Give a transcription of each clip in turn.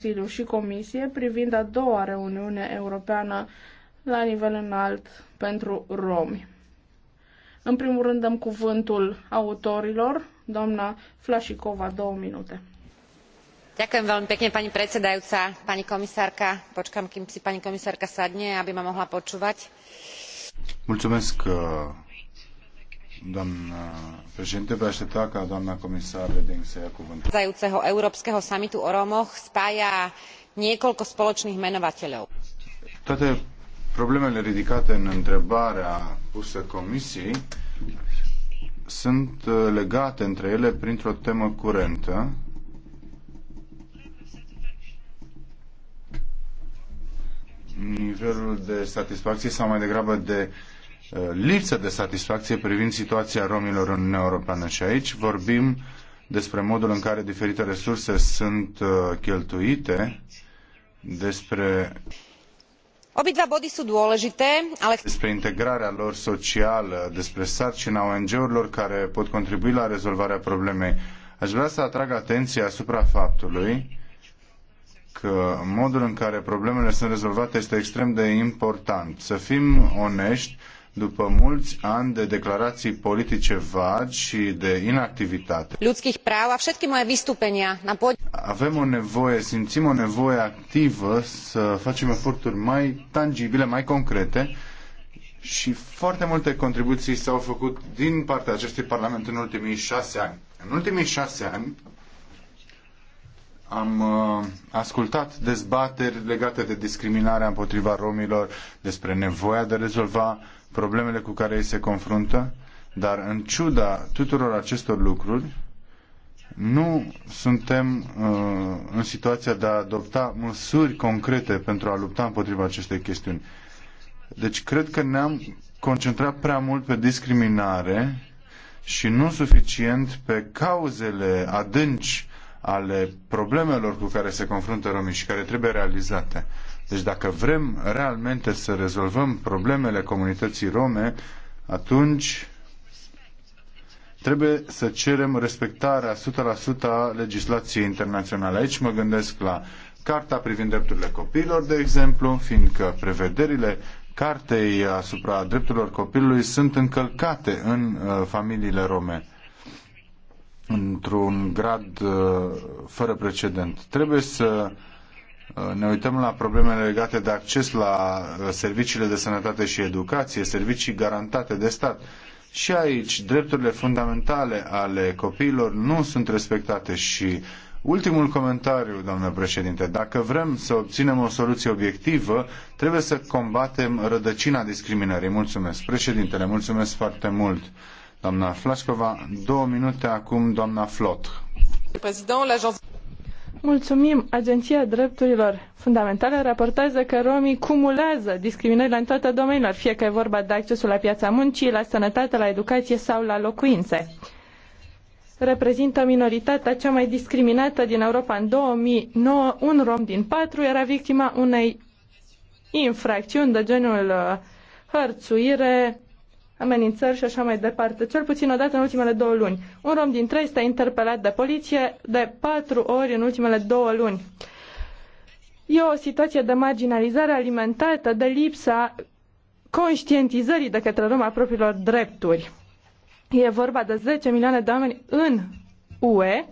Consiliu și Comisie privind a doua reuniune europeană la nivel înalt pentru romi. În primul rând dăm cuvântul autorilor, doamna Flașicova, două minute. Ďakujem veľmi pekne, pani predsedajúca, pani komisárka. Počkám, kým si pani komisárka sadne, aby ma mohla počúvať. Mulțumesc, doamnă președinte, voi aștepta ca doamna comisar Reding să ia cuvântul. ...zajúceho Európskeho samitu o Rómoch spája niekoľko spoločných menovateľov. Toate problemele ridicate în întrebarea pusă comisiei sunt uh, legate între ele printr-o temă curentă, nivelul de satisfacție sau mai degrabă de Uh, lipsă de satisfacție privind situația romilor în Uniunea Europeană. Și aici vorbim despre modul în care diferite resurse sunt uh, cheltuite, despre Obidva body sunt dôležité, ale... Despre integrarea lor socială, despre sarcina ONG-urilor care pot contribui la rezolvarea problemei. Aș vrea să atrag atenția asupra faptului că modul în care problemele sunt rezolvate este extrem de important. Să fim onești, după mulți ani de declarații politice vagi și de inactivitate. Avem o nevoie, simțim o nevoie activă să facem eforturi mai tangibile, mai concrete și foarte multe contribuții s-au făcut din partea acestui Parlament în ultimii șase ani. În ultimii șase ani am uh, ascultat dezbateri legate de discriminarea împotriva romilor, despre nevoia de a rezolva problemele cu care ei se confruntă, dar în ciuda tuturor acestor lucruri, nu suntem uh, în situația de a adopta măsuri concrete pentru a lupta împotriva acestei chestiuni. Deci cred că ne-am concentrat prea mult pe discriminare și nu suficient pe cauzele adânci ale problemelor cu care se confruntă romii și care trebuie realizate. Deci dacă vrem realmente să rezolvăm problemele comunității rome, atunci trebuie să cerem respectarea 100% a legislației internaționale. Aici mă gândesc la Carta privind drepturile copiilor, de exemplu, fiindcă prevederile cartei asupra drepturilor copilului sunt încălcate în uh, familiile rome într-un grad uh, fără precedent. Trebuie să uh, Uh, ne uităm la problemele legate de acces la uh, serviciile de sănătate și educație, servicii garantate de stat. Și aici, drepturile fundamentale ale copiilor nu sunt respectate și Ultimul comentariu, doamnă președinte. Dacă vrem să obținem o soluție obiectivă, trebuie să combatem rădăcina discriminării. Mulțumesc. Președintele, mulțumesc foarte mult. Doamna Flașcova, două minute acum, doamna Flot. Mulțumim! Agenția Drepturilor Fundamentale raportează că romii cumulează discriminări în toate domeniilor, fie că e vorba de accesul la piața muncii, la sănătate, la educație sau la locuințe. Reprezintă minoritatea cea mai discriminată din Europa. În 2009, un rom din patru era victima unei infracțiuni de genul uh, hărțuire, amenințări și așa mai departe, cel puțin o dată în ultimele două luni. Un rom din trei este interpelat de poliție de patru ori în ultimele două luni. E o situație de marginalizare alimentată de lipsa conștientizării de către Roma propriilor drepturi. E vorba de 10 milioane de oameni în UE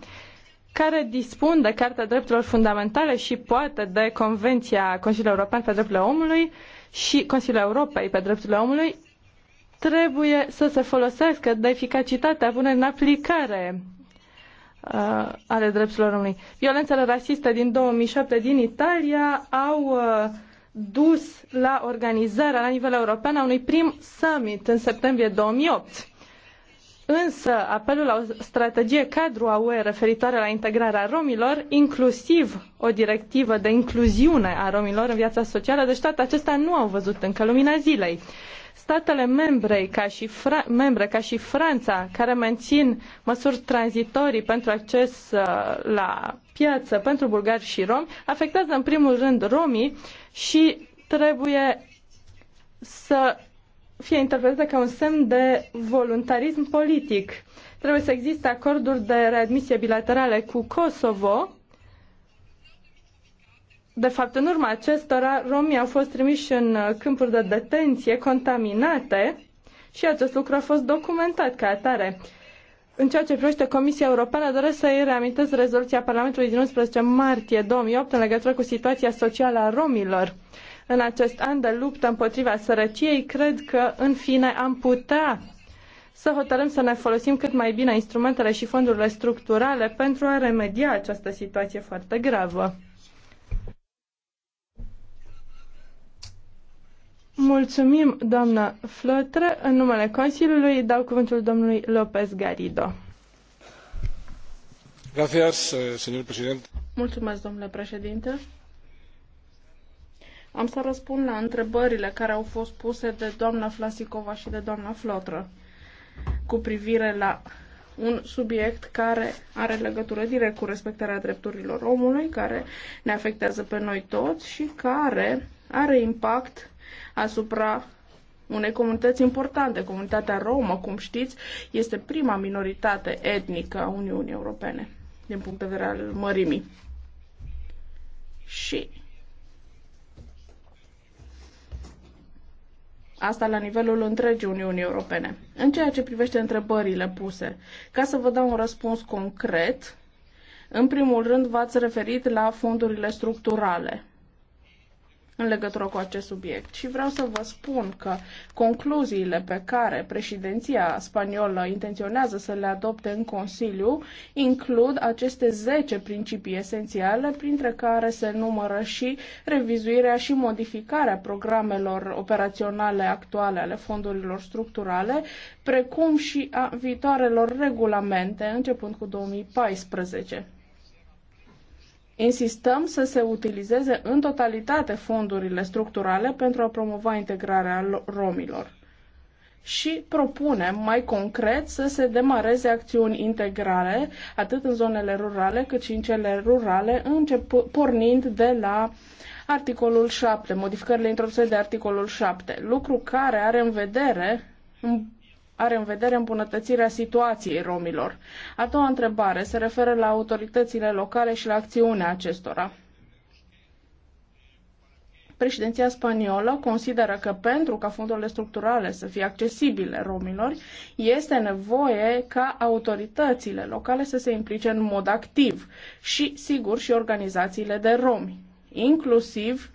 care dispun de Carta Drepturilor Fundamentale și poate de Convenția Consiliului European pe Drepturile Omului și Consiliul Europei pe Drepturile Omului trebuie să se folosească de eficacitatea punerii în aplicare uh, ale drepturilor omului. Violențele rasiste din 2007 din Italia au uh, dus la organizarea la nivel european a unui prim summit în septembrie 2008. Însă, apelul la o strategie cadru a UE referitoare la integrarea romilor, inclusiv o directivă de incluziune a romilor în viața socială, deci toate acestea nu au văzut încă lumina zilei statele membre ca, și Fra- membre, ca și Franța, care mențin măsuri tranzitorii pentru acces uh, la piață pentru bulgari și romi, afectează în primul rând romii și trebuie să fie interpretată ca un semn de voluntarism politic. Trebuie să existe acorduri de readmisie bilaterale cu Kosovo, de fapt, în urma acestora, romii au fost trimiși în uh, câmpuri de detenție contaminate și acest lucru a fost documentat ca atare. În ceea ce privește Comisia Europeană, doresc să-i reamintesc rezoluția Parlamentului din 11 martie 2008 în legătură cu situația socială a romilor. În acest an de luptă împotriva sărăciei, cred că, în fine, am putea să hotărâm să ne folosim cât mai bine instrumentele și fondurile structurale pentru a remedia această situație foarte gravă. Mulțumim, doamnă Flotră. În numele Consiliului dau cuvântul domnului López Garrido. Gracias, señor presidente. Mulțumesc, domnule președinte. Am să răspund la întrebările care au fost puse de doamna Flasicova și de doamna Flotră cu privire la un subiect care are legătură direct cu respectarea drepturilor omului, care ne afectează pe noi toți și care are impact asupra unei comunități importante. Comunitatea romă, cum știți, este prima minoritate etnică a Uniunii Europene din punct de vedere al mărimii. Și Asta la nivelul întregii Uniunii Europene. În ceea ce privește întrebările puse, ca să vă dau un răspuns concret, în primul rând v-ați referit la fondurile structurale în legătură cu acest subiect și vreau să vă spun că concluziile pe care președinția spaniolă intenționează să le adopte în Consiliu includ aceste 10 principii esențiale, printre care se numără și revizuirea și modificarea programelor operaționale actuale ale fondurilor structurale, precum și a viitoarelor regulamente, începând cu 2014. Insistăm să se utilizeze în totalitate fondurile structurale pentru a promova integrarea romilor. Și propunem mai concret să se demareze acțiuni integrale, atât în zonele rurale cât și în cele rurale, încep, pornind de la articolul 7, modificările introduse de articolul 7, lucru care are în vedere are în vedere îmbunătățirea situației romilor. A doua întrebare se referă la autoritățile locale și la acțiunea acestora. Președinția spaniolă consideră că pentru ca fondurile structurale să fie accesibile romilor, este nevoie ca autoritățile locale să se implice în mod activ și, sigur, și organizațiile de romi, inclusiv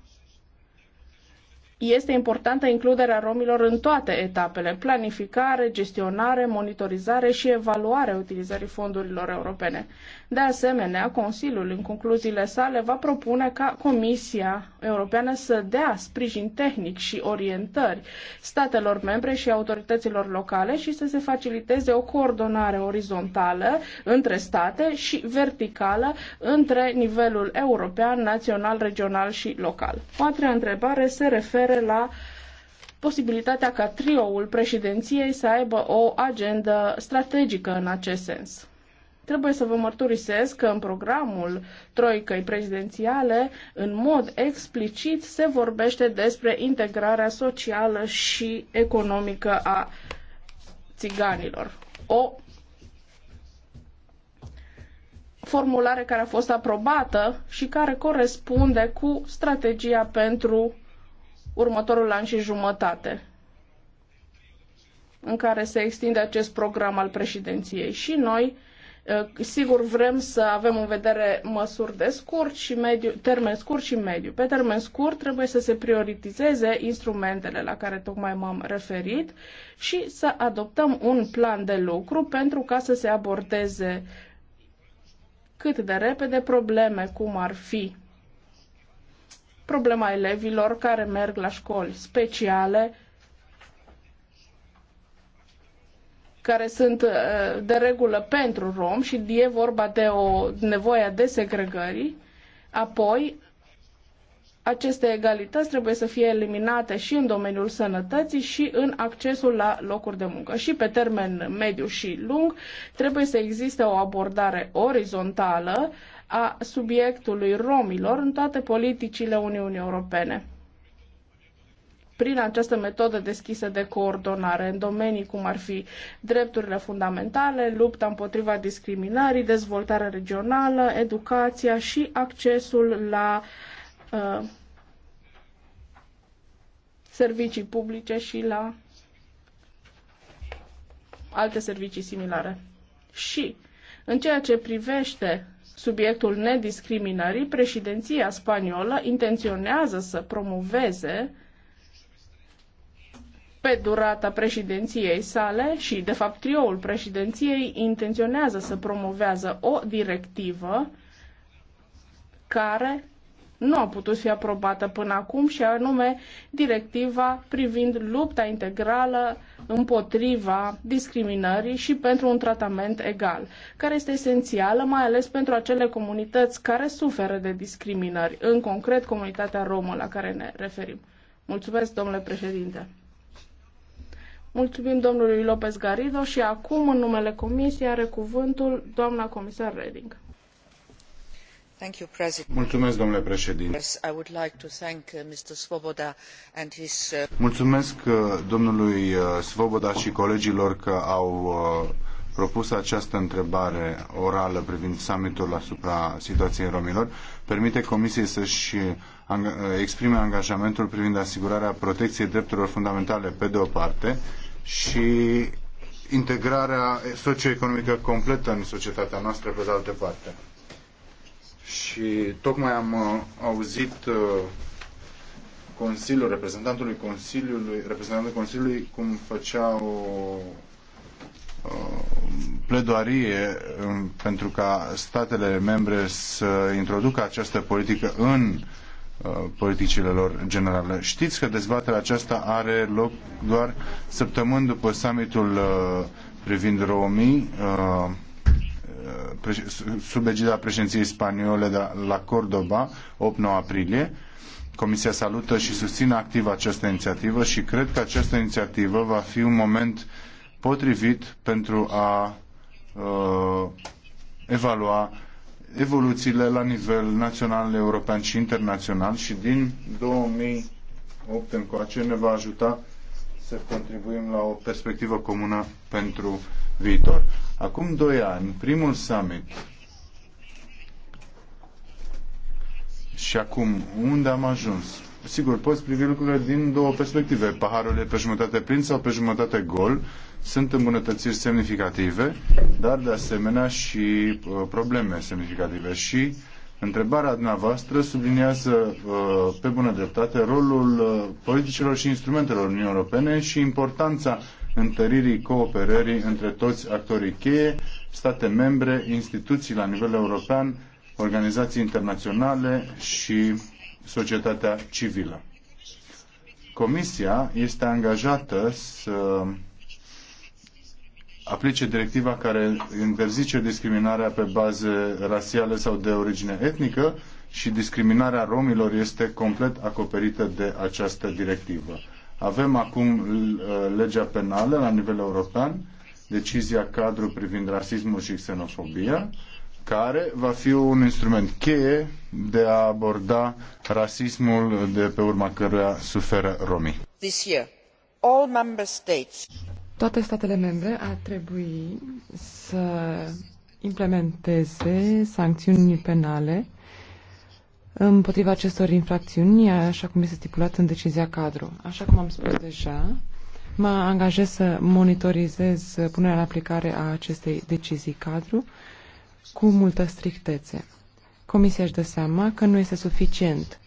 este importantă includerea romilor în toate etapele, planificare, gestionare, monitorizare și evaluare utilizării fondurilor europene. De asemenea, Consiliul, în concluziile sale, va propune ca Comisia Europeană să dea sprijin tehnic și orientări statelor membre și autorităților locale și să se faciliteze o coordonare orizontală între state și verticală între nivelul european, național, regional și local. O treia întrebare se referă la posibilitatea ca trioul președinției să aibă o agendă strategică în acest sens. Trebuie să vă mărturisesc că în programul Troicăi prezidențiale, în mod explicit, se vorbește despre integrarea socială și economică a țiganilor. O formulare care a fost aprobată și care corespunde cu strategia pentru următorul an și jumătate în care se extinde acest program al președinției și noi Eh, sigur, vrem să avem în vedere măsuri de scurt și mediu, termen scurt și mediu. Pe termen scurt trebuie să se prioritizeze instrumentele la care tocmai m-am referit și să adoptăm un plan de lucru pentru ca să se abordeze cât de repede probleme cum ar fi problema elevilor care merg la școli speciale, care sunt uh, de regulă pentru rom și e vorba de o nevoie a desegregării, apoi aceste egalități trebuie să fie eliminate și în domeniul sănătății și în accesul la locuri de muncă. Și pe termen mediu și lung trebuie să existe o abordare orizontală a subiectului romilor în toate politicile Uniunii Europene prin această metodă deschisă de coordonare în domenii cum ar fi drepturile fundamentale, lupta împotriva discriminării, dezvoltarea regională, educația și accesul la uh, servicii publice și la alte servicii similare. Și în ceea ce privește subiectul nediscriminării, președinția spaniolă intenționează să promoveze pe durata președinției sale și, de fapt, trioul președinției intenționează să promovează o directivă care nu a putut fi aprobată până acum și anume directiva privind lupta integrală împotriva discriminării și pentru un tratament egal, care este esențială mai ales pentru acele comunități care suferă de discriminări, în concret comunitatea romă la care ne referim. Mulțumesc, domnule președinte. Mulțumim domnului Lopez Garrido și acum, în numele Comisiei, are cuvântul doamna comisar Reding. Mulțumesc, domnule președinte. Mulțumesc domnului Svoboda și colegilor că au uh, propus această întrebare orală privind summitul asupra situației romilor. Permite Comisiei să-și uh, exprime angajamentul privind asigurarea protecției drepturilor fundamentale pe de o parte și integrarea socioeconomică completă în societatea noastră pe de altă parte. Și tocmai am uh, auzit uh, Consiliul, reprezentantului Consiliului, reprezentantul Consiliului cum făcea o uh, pledoarie um, pentru ca statele membre să introducă această politică în politicile lor generale. Știți că dezbaterea aceasta are loc doar săptămâni după summitul uh, privind romii uh, uh, sub egida președinției spaniole de la Cordoba, 8-9 aprilie. Comisia salută și susține activ această inițiativă și cred că această inițiativă va fi un moment potrivit pentru a uh, evalua evoluțiile la nivel național, european și internațional și din 2008 încoace ne va ajuta să contribuim la o perspectivă comună pentru viitor. Acum doi ani, primul summit și acum unde am ajuns? Sigur, poți privi lucrurile din două perspective. Paharul e pe jumătate plin sau pe jumătate gol sunt îmbunătățiri semnificative, dar de asemenea și uh, probleme semnificative. Și întrebarea dumneavoastră subliniază uh, pe bună dreptate rolul uh, politicilor și instrumentelor Uniunii Europene și importanța întăririi cooperării între toți actorii cheie, state membre, instituții la nivel european, organizații internaționale și societatea civilă. Comisia este angajată să aplice directiva care interzice discriminarea pe baze rasiale sau de origine etnică și discriminarea romilor este complet acoperită de această directivă. Avem acum uh, legea penală la nivel european, decizia cadru privind rasismul și xenofobia, care va fi un instrument cheie de a aborda rasismul de pe urma căruia suferă romii. This year, all member states... Toate statele membre ar trebui să implementeze sancțiuni penale împotriva acestor infracțiuni, așa cum este stipulat în decizia cadru. Așa cum am spus deja, mă angajez să monitorizez punerea în aplicare a acestei decizii cadru cu multă strictețe. Comisia își dă seama că nu este suficient,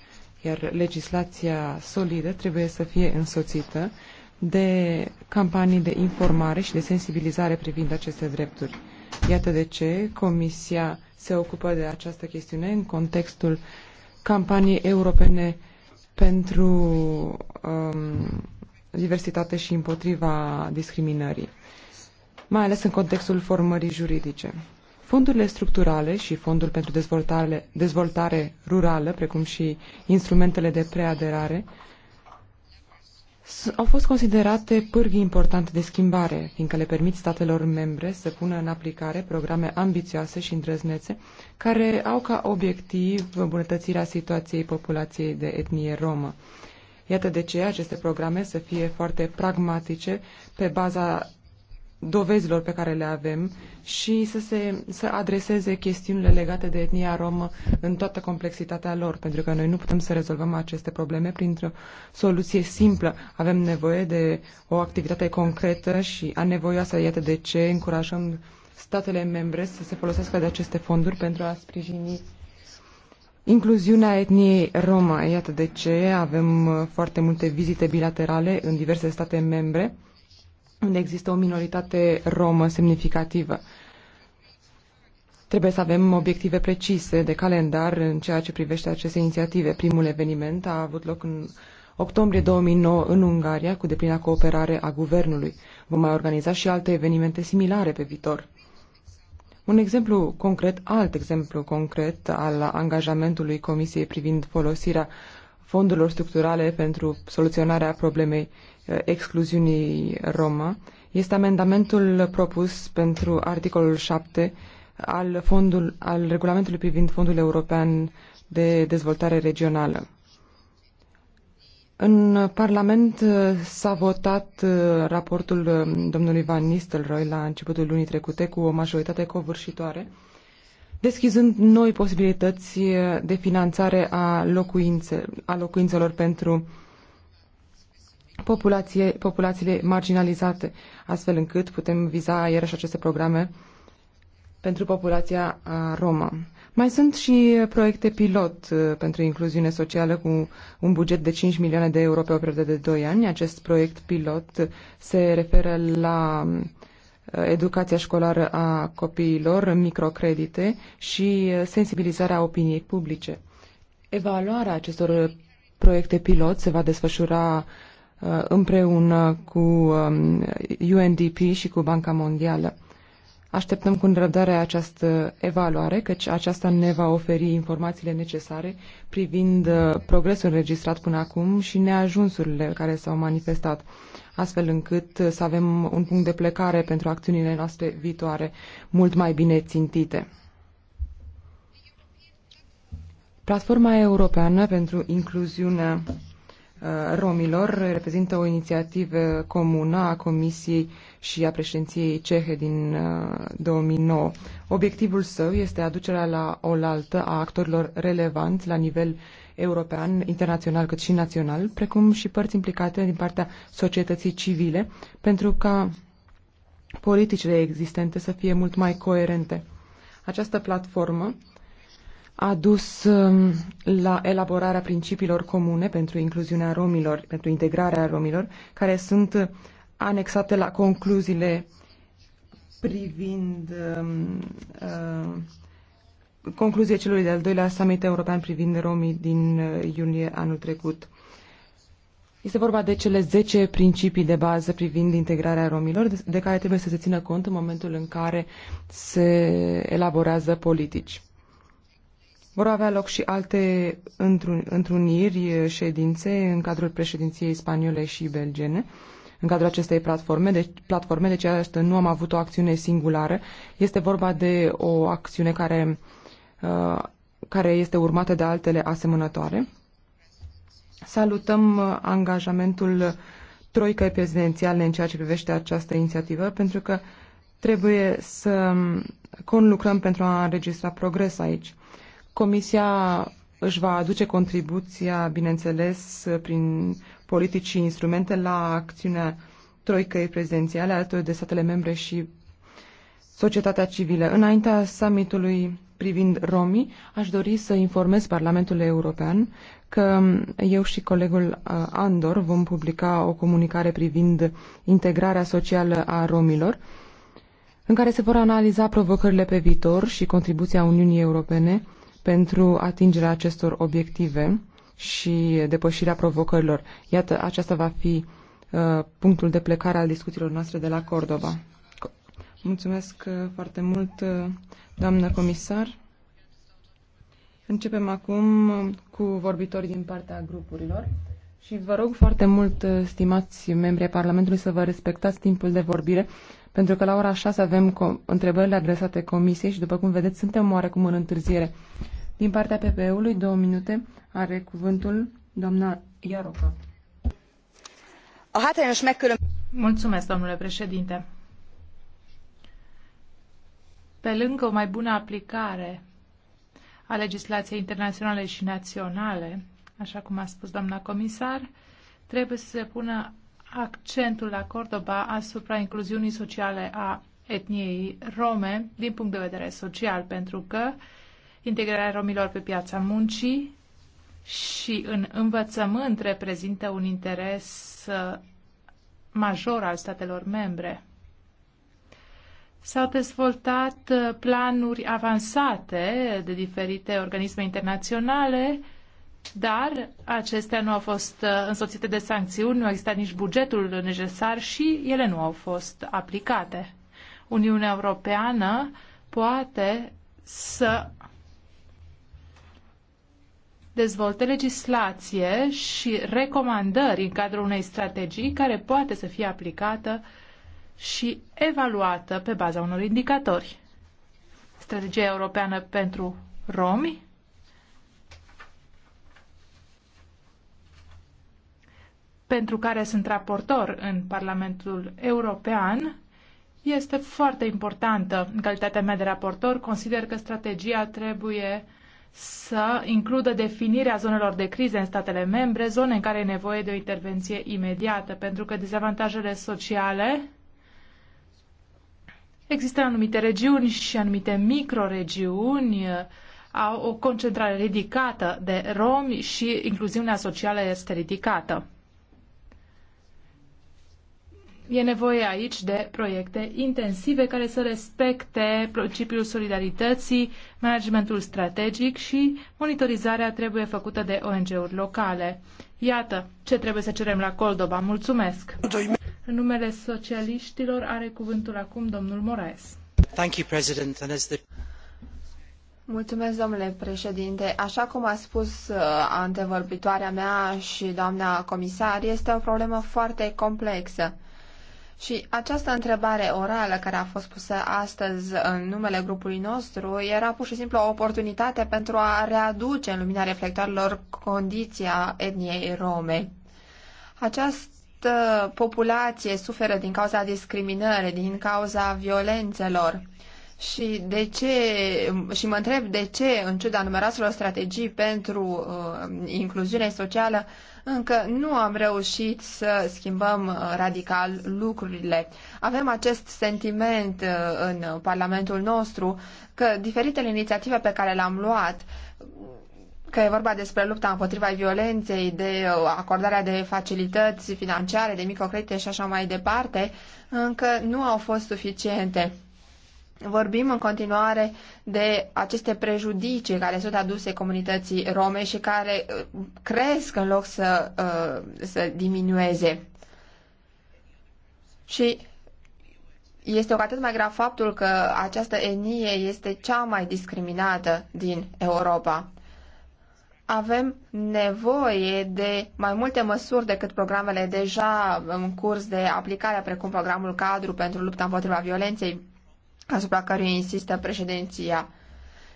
iar legislația solidă trebuie să fie însoțită de campanii de informare și de sensibilizare privind aceste drepturi. Iată de ce Comisia se ocupă de această chestiune în contextul campaniei europene pentru um, diversitate și împotriva discriminării, mai ales în contextul formării juridice. Fondurile structurale și fondul pentru dezvoltare, dezvoltare rurală, precum și instrumentele de preaderare, au fost considerate pârghii importante de schimbare, fiindcă le permit statelor membre să pună în aplicare programe ambițioase și îndrăznețe, care au ca obiectiv îmbunătățirea situației populației de etnie romă. Iată de ce aceste programe să fie foarte pragmatice pe baza dovezilor pe care le avem și să, se, să adreseze chestiunile legate de etnia romă în toată complexitatea lor, pentru că noi nu putem să rezolvăm aceste probleme printr-o soluție simplă. Avem nevoie de o activitate concretă și anevoioasă, iată de ce încurajăm statele membre să se folosească de aceste fonduri pentru a sprijini Incluziunea etniei romă. iată de ce avem uh, foarte multe vizite bilaterale în diverse state membre unde există o minoritate romă semnificativă. Trebuie să avem obiective precise de calendar în ceea ce privește aceste inițiative. Primul eveniment a avut loc în octombrie 2009 în Ungaria cu deplina cooperare a guvernului. Vom mai organiza și alte evenimente similare pe viitor. Un exemplu concret, alt exemplu concret al angajamentului Comisiei privind folosirea fondurilor structurale pentru soluționarea problemei Uh, excluziunii Roma este amendamentul propus pentru articolul 7 al, fondul, al regulamentului privind Fondul European de Dezvoltare Regională. În Parlament uh, s-a votat uh, raportul domnului Van Nistelrooy la începutul lunii trecute cu o majoritate covârșitoare, deschizând noi posibilități de finanțare a, locuințe, a locuințelor pentru uh, populație, populațiile marginalizate, astfel încât putem viza iarăși aceste programe pentru populația romă. Mai sunt și proiecte pilot pentru incluziune socială cu un buget de 5 milioane de euro pe o perioadă de 2 ani. Acest proiect pilot se referă la educația școlară a copiilor, microcredite și sensibilizarea opiniei publice. Evaluarea acestor proiecte pilot se va desfășura uh, Uh, împreună cu UNDP um, și cu Banca Mondială. Așteptăm cu îndrăbdare această evaluare, căci aceasta ne va oferi informațiile necesare privind uh, progresul înregistrat până acum și neajunsurile care s-au manifestat, astfel încât uh, să avem un punct de plecare pentru acțiunile noastre viitoare mult mai bine țintite. Platforma Europeană pentru Incluziune Uh, romilor reprezintă o inițiativă comună a Comisiei și a președinției cehe din 2009. Uh, Obiectivul său este aducerea la oaltă a actorilor relevanți la nivel european, internațional cât și național, precum și părți implicate din partea societății civile, pentru ca politicile existente să fie mult mai coerente. Această platformă a dus um, la elaborarea principiilor comune pentru incluziunea romilor, pentru integrarea romilor, care sunt uh, anexate la concluziile privind um, uh, concluzie celui de-al doilea summit european privind romii din uh, iunie anul trecut. Este vorba de cele 10 principii de bază privind integrarea romilor, de care trebuie să se țină cont în momentul în care se elaborează politici. Vor avea loc și alte întruniri, ședințe în cadrul președinției spaniole și belgene în cadrul acestei platforme, deci, platforme, deci asta nu am avut o acțiune singulară. Este vorba de o acțiune care, uh, care este urmată de altele asemănătoare. Salutăm uh, angajamentul troicăi prezidențiale în ceea ce privește această inițiativă, pentru că trebuie să um, conlucrăm pentru a înregistra progres aici. Comisia își va aduce contribuția, bineînțeles, prin politici și instrumente la acțiunea troicăi prezidențiale alături de statele membre și societatea civilă. Înaintea summitului privind romii, aș dori să informez Parlamentul European că eu și colegul uh, Andor vom publica o comunicare privind integrarea socială a romilor, în care se vor analiza provocările pe viitor și contribuția Uniunii Europene pentru atingerea acestor obiective și depășirea provocărilor. Iată, aceasta va fi uh, punctul de plecare al discuțiilor noastre de la Cordova. Mulțumesc uh, foarte mult, uh, doamnă comisar. Începem acum cu vorbitorii din partea grupurilor. Și vă rog foarte mult, uh, stimați membrii Parlamentului, să vă respectați timpul de vorbire, pentru că la ora 6 avem întrebările adresate Comisiei și, după cum vedeți, suntem oarecum în întârziere. Din partea PPE-ului, două minute, are cuvântul doamna Iaroca. Mulțumesc, domnule președinte. Pe lângă o mai bună aplicare a legislației internaționale și naționale, așa cum a spus doamna comisar, trebuie să se pună accentul la Cordoba asupra incluziunii sociale a etniei rome din punct de vedere social, pentru că integrarea romilor pe piața muncii și în învățământ reprezintă un interes major al statelor membre. S-au dezvoltat uh, planuri avansate de diferite organisme internaționale dar acestea nu au fost uh, însoțite de sancțiuni, nu a existat nici bugetul necesar și ele nu au fost aplicate. Uniunea Europeană poate să dezvolte legislație și recomandări în cadrul unei strategii care poate să fie aplicată și evaluată pe baza unor indicatori. Strategia europeană pentru romi pentru care sunt raportor în Parlamentul European este foarte importantă. În calitatea mea de raportor, consider că strategia trebuie să includă definirea zonelor de crize în statele membre, zone în care e nevoie de o intervenție imediată, pentru că dezavantajele sociale există în anumite regiuni și anumite microregiuni au o concentrare ridicată de romi și incluziunea socială este ridicată. E nevoie aici de proiecte intensive care să respecte principiul solidarității, managementul strategic și monitorizarea trebuie făcută de ONG-uri locale. Iată ce trebuie să cerem la Coldoba. Mulțumesc! În numele socialiștilor are cuvântul acum domnul Moraes. Thank you, President. And as the... Mulțumesc, domnule președinte. Așa cum a spus uh, antevorbitoarea mea și doamna comisar, este o problemă foarte complexă și această întrebare orală care a fost pusă astăzi în numele grupului nostru era pur și simplu o oportunitate pentru a readuce în lumina reflectoarelor condiția etniei rome. Această populație suferă din cauza discriminării, din cauza violențelor și de ce, și mă întreb de ce, în ciuda numeroaselor strategii pentru uh, incluziune socială, încă nu am reușit să schimbăm uh, radical lucrurile. Avem acest sentiment uh, în Parlamentul nostru că diferitele inițiative pe care le-am luat, că e vorba despre lupta împotriva violenței, de uh, acordarea de facilități financiare, de microcredite și așa mai departe, încă nu au fost suficiente Vorbim în continuare de aceste prejudicii care sunt aduse comunității rome și care uh, cresc în loc să, uh, să diminueze. Și este cu atât mai grav faptul că această etnie este cea mai discriminată din Europa. Avem nevoie de mai multe măsuri decât programele deja în curs de aplicare, precum programul cadru pentru lupta împotriva violenței asupra căruia insistă președinția.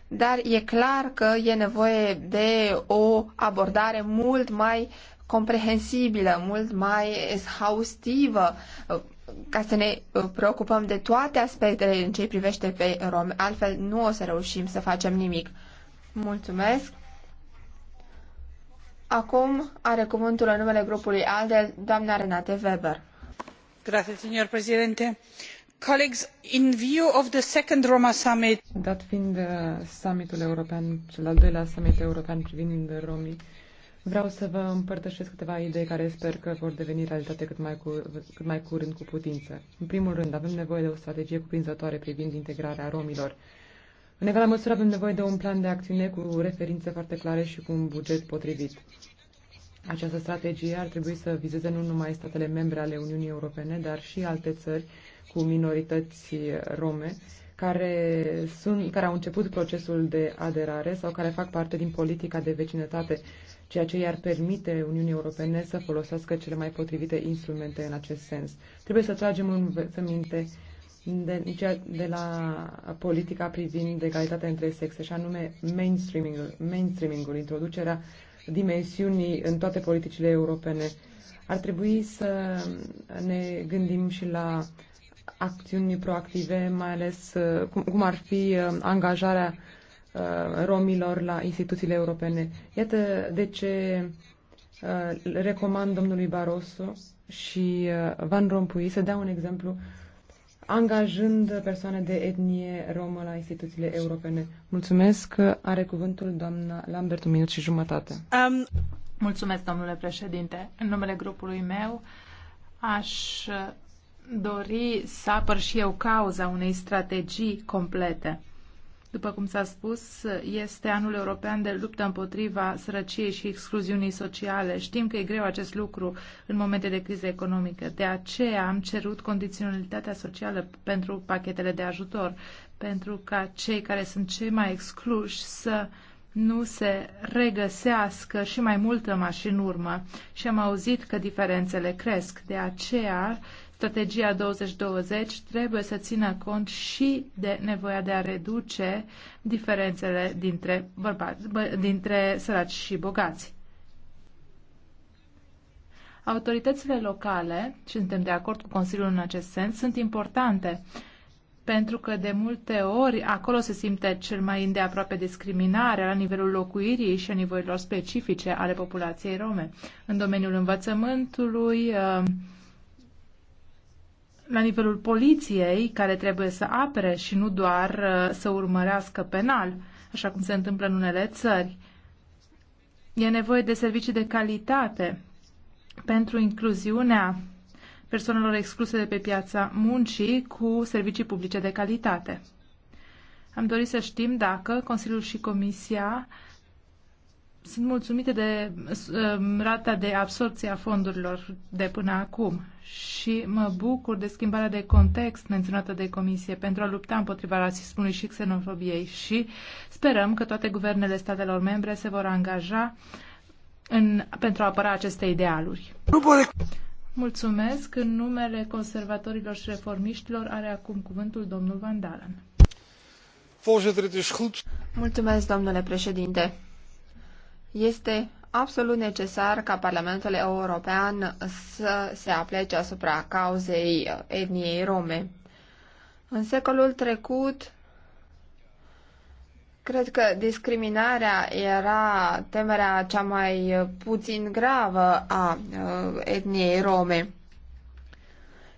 Dar e clar că e nevoie de o abordare mult mai comprehensibilă, mult mai exhaustivă, ca să ne preocupăm de toate aspectele în ce privește pe romi. Altfel nu o să reușim să facem nimic. Mulțumesc! Acum are cuvântul în numele grupului ALDE, doamna Renate Weber. Grazie, signor președinte Colleagues, in view of the second Roma summit, dat fiind uh, summitul european, cel al doilea summit european privind romii, vreau să vă împărtășesc câteva idei care sper că vor deveni realitate cât mai, cu, cât mai curând cu putință. În primul rând, avem nevoie de o strategie cuprinzătoare privind integrarea romilor. În egală măsură avem nevoie de un plan de acțiune cu referințe foarte clare și cu un buget potrivit. Această strategie ar trebui să vizeze nu numai statele membre ale Uniunii Europene, dar și alte țări cu minorități rome care, sunt, care au început procesul de aderare sau care fac parte din politica de vecinătate, ceea ce i-ar permite Uniunii Europene să folosească cele mai potrivite instrumente în acest sens. Trebuie să tragem în minte de, de la politica privind egalitatea între sexe, și anume mainstreaming-ul, mainstreaming introducerea dimensiunii în toate politicile europene. Ar trebui să ne gândim și la acțiuni proactive, mai ales uh, cum ar fi uh, angajarea uh, romilor la instituțiile europene. Iată de ce recomand domnului Barroso și Van Rompuy să dea un exemplu angajând persoane de etnie romă la instituțiile europene. Mulțumesc. Are cuvântul doamna Lambert un minut și jumătate. Um, mulțumesc, domnule președinte. În numele grupului meu aș dori să apăr și eu cauza unei strategii complete. După cum s-a spus, este anul european de luptă împotriva sărăciei și excluziunii sociale. Știm că e greu acest lucru în momente de criză economică. De aceea am cerut condiționalitatea socială pentru pachetele de ajutor, pentru ca cei care sunt cei mai excluși să nu se regăsească și mai mult rămași în urmă. Și am auzit că diferențele cresc. De aceea strategia 2020 trebuie să țină cont și de nevoia de a reduce diferențele dintre, bărbați, bă, dintre săraci și bogați. Autoritățile locale, și suntem de acord cu Consiliul în acest sens, sunt importante pentru că de multe ori acolo se simte cel mai îndeaproape discriminarea la nivelul locuirii și a nivelurilor specifice ale populației rome. În domeniul învățământului, uh, la nivelul poliției, care trebuie să apere și nu doar uh, să urmărească penal, așa cum se întâmplă în unele țări. E nevoie de servicii de calitate pentru incluziunea persoanelor excluse de pe piața muncii cu servicii publice de calitate. Am dorit să știm dacă Consiliul și Comisia sunt mulțumite de uh, rata de absorpție a fondurilor de până acum și mă bucur de schimbarea de context menționată de Comisie pentru a lupta împotriva rasismului și xenofobiei și sperăm că toate guvernele statelor membre se vor angaja în, pentru a apăra aceste idealuri. Mulțumesc. În numele conservatorilor și reformiștilor are acum cuvântul domnul Van Dalen. Mulțumesc, domnule președinte. Este absolut necesar ca Parlamentul European să se aplece asupra cauzei uh, etniei rome. În secolul trecut, cred că discriminarea era temerea cea mai puțin gravă a uh, etniei rome.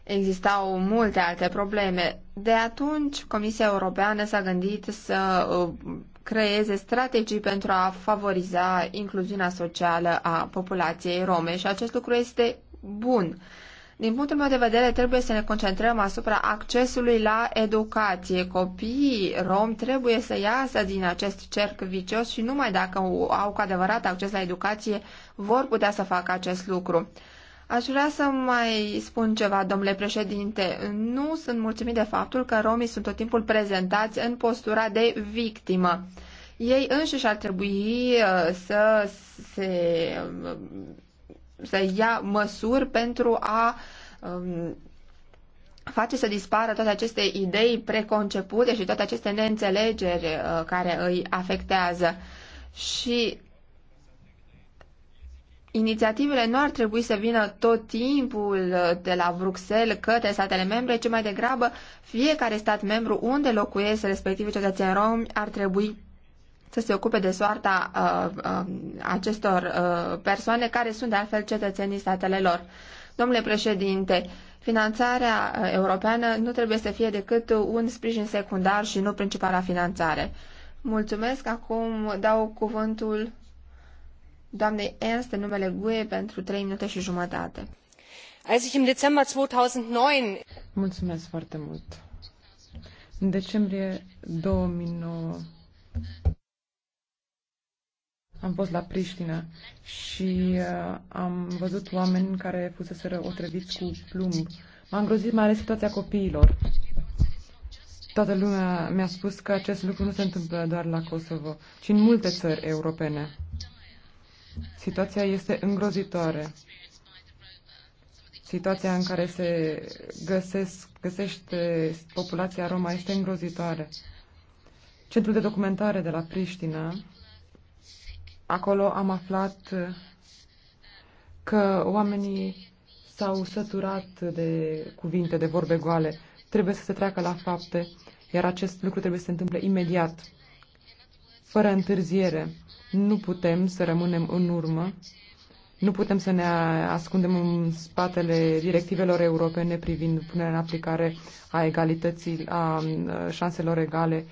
Existau multe alte probleme. De atunci, Comisia Europeană s-a gândit să uh, creeze strategii pentru a favoriza incluziunea socială a populației rome și acest lucru este bun. Din punctul meu de vedere, trebuie să ne concentrăm asupra accesului la educație. Copiii rom trebuie să iasă din acest cerc vicios și numai dacă au cu adevărat acces la educație vor putea să facă acest lucru. Aș vrea să mai spun ceva, domnule președinte. Nu sunt mulțumit de faptul că romii sunt tot timpul prezentați în postura de victimă. Ei înșiși ar trebui uh, să se să ia măsuri pentru a um, face să dispară toate aceste idei preconcepute și toate aceste neînțelegeri uh, care îi afectează. Și inițiativele nu ar trebui să vină tot timpul uh, de la Bruxelles către statele membre, ci mai degrabă fiecare stat membru unde locuiesc respectiv cetățeni romi ar trebui să se ocupe de soarta uh, uh, acestor uh, persoane care sunt de altfel cetățenii statele lor. Domnule președinte, finanțarea uh, europeană nu trebuie să fie decât un sprijin secundar și nu principala finanțare. Mulțumesc. Acum dau cuvântul doamnei Ernst în numele GUE pentru 3 minute și jumătate. Als ich im Dezember 2009 Mulțumesc foarte mult. În decembrie 2009 am fost la Priștina și uh, am văzut oameni care fuseseră otrăviți cu plumb. M-a îngrozit mai ales situația copiilor. Toată lumea mi-a spus că acest lucru nu se întâmplă doar la Kosovo, ci în multe țări europene. Situația este îngrozitoare. Situația în care se găsesc, găsește populația Roma este îngrozitoare. Centrul de documentare de la Priștina, acolo am aflat că oamenii s-au săturat de cuvinte, de vorbe goale. Trebuie să se treacă la fapte, iar acest lucru trebuie să se întâmple imediat, fără întârziere. Nu putem să rămânem în urmă, nu putem să ne ascundem în spatele directivelor europene privind punerea în aplicare a egalității, a șanselor egale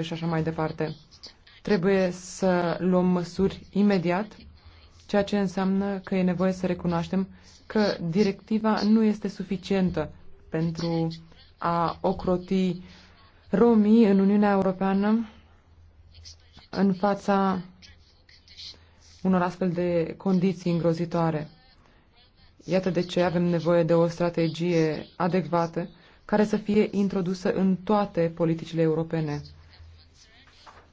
și așa mai departe. Trebuie să luăm măsuri imediat, ceea ce înseamnă că e nevoie să recunoaștem că directiva nu este suficientă pentru a ocroti romii în Uniunea Europeană în fața unor astfel de condiții îngrozitoare. Iată de ce avem nevoie de o strategie adecvată care să fie introdusă în toate politicile europene.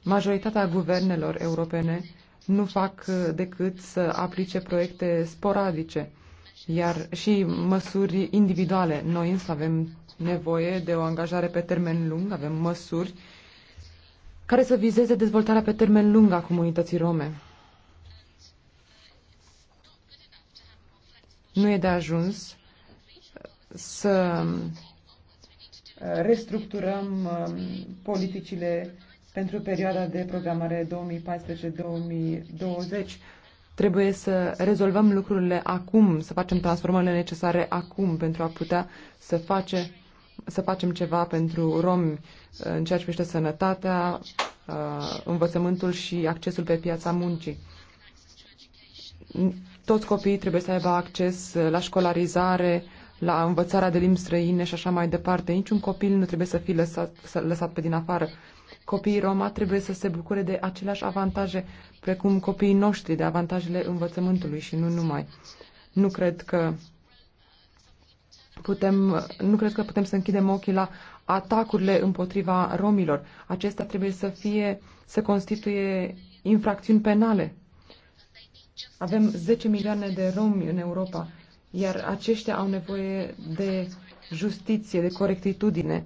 Majoritatea guvernelor europene nu fac uh, decât să aplice proiecte sporadice iar și măsuri individuale. Noi însă avem nevoie de o angajare pe termen lung, avem măsuri care să vizeze dezvoltarea pe termen lung a comunității rome. Nu e de ajuns să uh, restructurăm um, politicile pentru perioada de programare 2014-2020. Trebuie să rezolvăm lucrurile acum, să facem transformările necesare acum pentru a putea să, face, să facem ceva pentru romi uh, în ceea ce privește sănătatea, uh, învățământul și accesul pe piața muncii toți copiii trebuie să aibă acces la școlarizare, la învățarea de limbi străine și așa mai departe. Niciun copil nu trebuie să fie lăsat, să, lăsat pe din afară. Copiii Roma trebuie să se bucure de aceleași avantaje precum copiii noștri, de avantajele învățământului și nu numai. Nu cred că putem, nu cred că putem să închidem ochii la atacurile împotriva romilor. Acestea trebuie să fie, să constituie infracțiuni penale. Avem 10 milioane de romi în Europa, iar aceștia au nevoie de justiție, de corectitudine.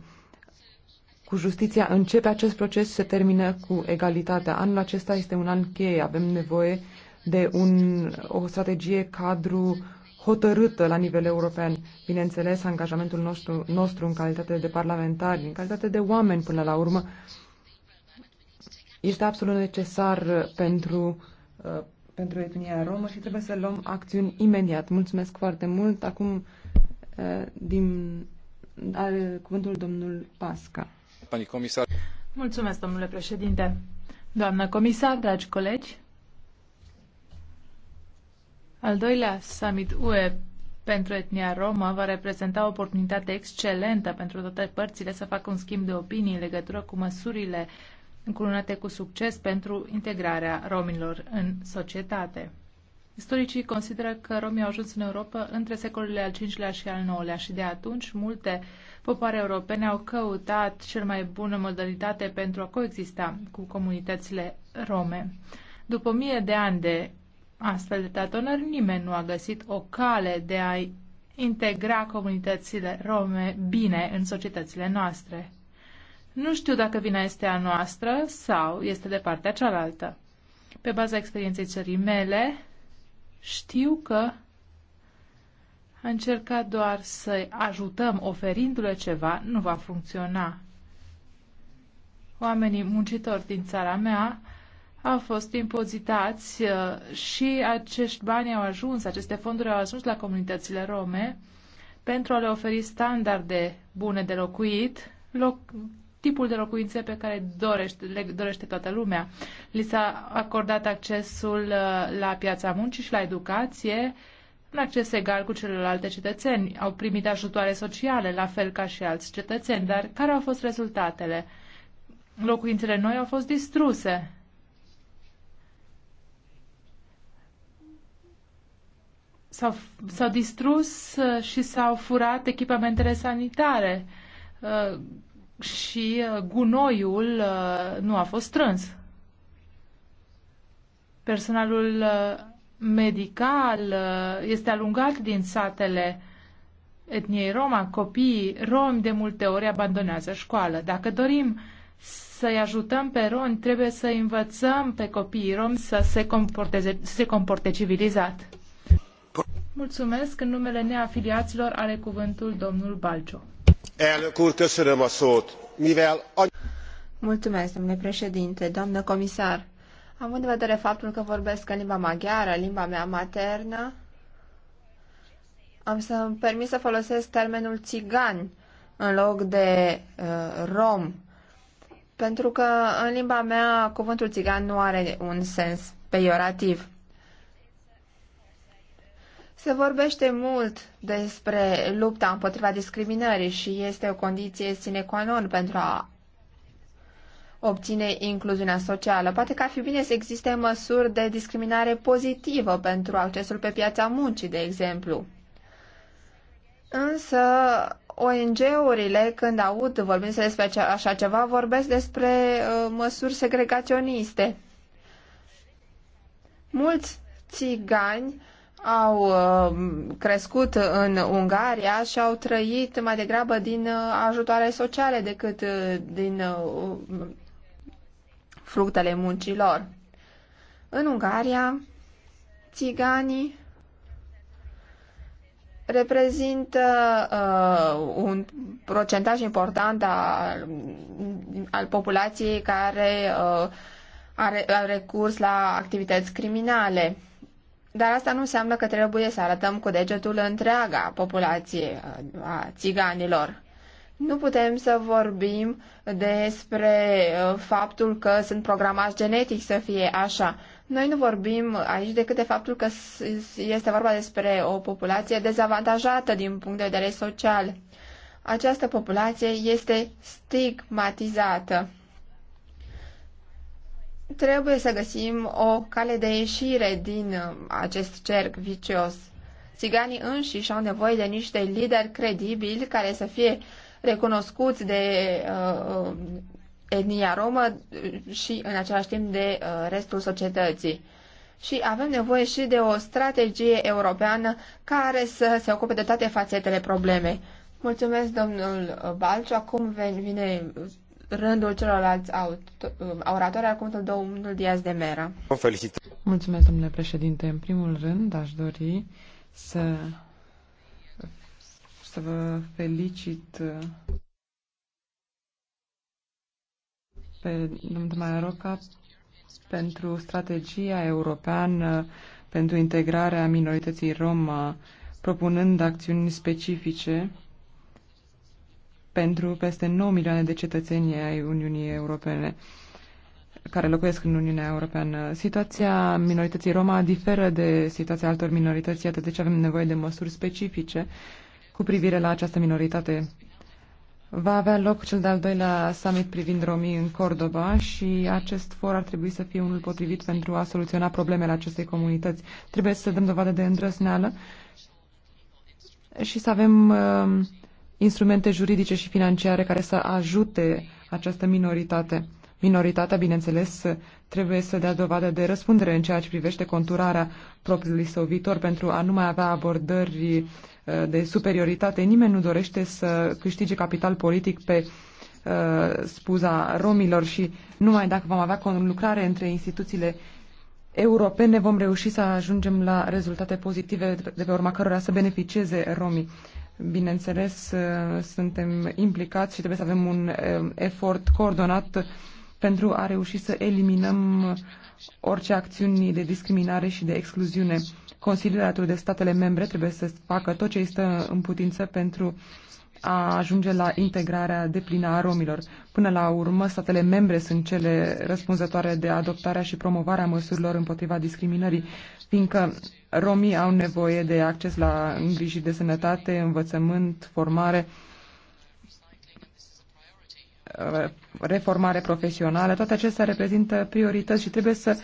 Cu justiția începe acest proces, se termină cu egalitatea. Anul acesta este un an cheie. Avem nevoie de un, o strategie cadru hotărâtă la nivel european. Bineînțeles, angajamentul nostru, nostru în calitate de parlamentari, în calitate de oameni până la urmă, este absolut necesar pentru uh, pentru etnia romă și trebuie să luăm acțiuni imediat. Mulțumesc foarte mult. Acum eh, din, are cuvântul domnul Pasca. Pani comisar. Mulțumesc, domnule președinte. Doamnă comisar, dragi colegi, al doilea summit UE pentru etnia romă va reprezenta o oportunitate excelentă pentru toate părțile să facă un schimb de opinii în legătură cu măsurile încununate cu succes pentru integrarea romilor în societate. Istoricii consideră că romii au ajuns în Europa între secolele al V-lea și al IX-lea și de atunci multe popoare europene au căutat cel mai bună modalitate pentru a coexista cu comunitățile rome. După mie de ani de astfel de tatonări, nimeni nu a găsit o cale de a integra comunitățile rome bine în societățile noastre. Nu știu dacă vina este a noastră sau este de partea cealaltă. Pe baza experienței țării mele, știu că a încercat doar să ajutăm oferindu-le ceva, nu va funcționa. Oamenii muncitori din țara mea au fost impozitați uh, și acești bani au ajuns, aceste fonduri au ajuns la comunitățile rome pentru a le oferi standarde bune de locuit, loc, tipul de locuințe pe care dorește, le dorește toată lumea. Li s-a acordat accesul uh, la piața muncii și la educație, un acces egal cu celelalte cetățeni. Au primit ajutoare sociale, la fel ca și alți cetățeni, dar care au fost rezultatele? Locuințele noi au fost distruse. S-au, s-au distrus uh, și s-au furat echipamentele sanitare uh, și uh, gunoiul uh, nu a fost strâns. Personalul uh, medical este alungat din satele etniei Roma. Copiii romi de multe ori abandonează școală. Dacă dorim să-i ajutăm pe romi, trebuie să învățăm pe copiii romi să se, comporteze, să se comporte civilizat. Mulțumesc. În numele neafiliaților are cuvântul domnul Balcio. Mulțumesc, domnule președinte, comisar. Având în vedere faptul că vorbesc în limba maghiară, limba mea maternă, am să îmi permit să folosesc termenul țigan în loc de uh, rom, pentru că în limba mea cuvântul țigan nu are un sens peiorativ. Se vorbește mult despre lupta împotriva discriminării și este o condiție sine qua non pentru a obține incluziunea socială. Poate că ar fi bine să existe măsuri de discriminare pozitivă pentru accesul pe piața muncii, de exemplu. Însă, ONG-urile, când aud vorbind despre așa ceva, vorbesc despre uh, măsuri segregaționiste. Mulți țigani au uh, crescut în Ungaria și au trăit mai degrabă din uh, ajutoare sociale decât uh, din fructele muncilor. În Ungaria, țiganii reprezintă uh, un procentaj important al, al populației care uh, are, are recurs la activități criminale. Dar asta nu înseamnă că trebuie să arătăm cu degetul întreaga populație a țiganilor. Nu putem să vorbim despre uh, faptul că sunt programați genetic să fie așa. Noi nu vorbim aici decât de faptul că este vorba despre o populație dezavantajată din punct de vedere social. Această populație este stigmatizată. Trebuie să găsim o cale de ieșire din uh, acest cerc vicios. Țiganii înșiși au nevoie de niște lideri credibili care să fie recunoscuți de uh, uh etnia romă uh, și în același timp de uh, restul societății. Și avem nevoie și de o strategie europeană care să se ocupe de toate fațetele problemei. Mulțumesc, domnul Balciu. Acum vine rândul celorlalți um, oratori, acum domnul Diaz de Mera. Mulțumesc, domnule președinte. În primul rând, aș dori să, să vă felicit uh, pe domnul Maroca pentru strategia europeană pentru integrarea minorității Roma, propunând acțiuni specifice pentru peste 9 milioane de cetățeni ai Uniunii Europene care locuiesc în Uniunea Europeană. Situația minorității Roma diferă de situația altor minorități, atât de ce avem nevoie de măsuri specifice cu privire la această minoritate. Va avea loc cel de-al doilea summit privind romii în Cordoba și acest for ar trebui să fie unul potrivit pentru a soluționa problemele acestei comunități. Trebuie să dăm dovadă de îndrăsneală și să avem uh, instrumente juridice și financiare care să ajute această minoritate. Minoritatea, bineînțeles, trebuie să dea dovadă de răspundere în ceea ce privește conturarea propriului său viitor pentru a nu mai avea abordări eh, de superioritate. Nimeni nu dorește să câștige capital politic pe eh, spuza romilor și numai dacă vom avea lucrare între instituțiile europene vom reuși să ajungem la rezultate pozitive de pe urma cărora să beneficieze romii. Bineînțeles, uh, suntem implicați și trebuie să avem un uh, efort coordonat pentru a reuși să eliminăm orice acțiuni de discriminare și de excluziune. Consiliul alături de statele membre trebuie să facă tot ce este în putință pentru a ajunge la integrarea deplină a romilor. Până la urmă, statele membre sunt cele răspunzătoare de adoptarea și promovarea măsurilor împotriva discriminării, fiindcă Romii au nevoie de acces la îngriji de sănătate, învățământ, formare, uh, reformare profesională. Toate acestea reprezintă priorități și trebuie să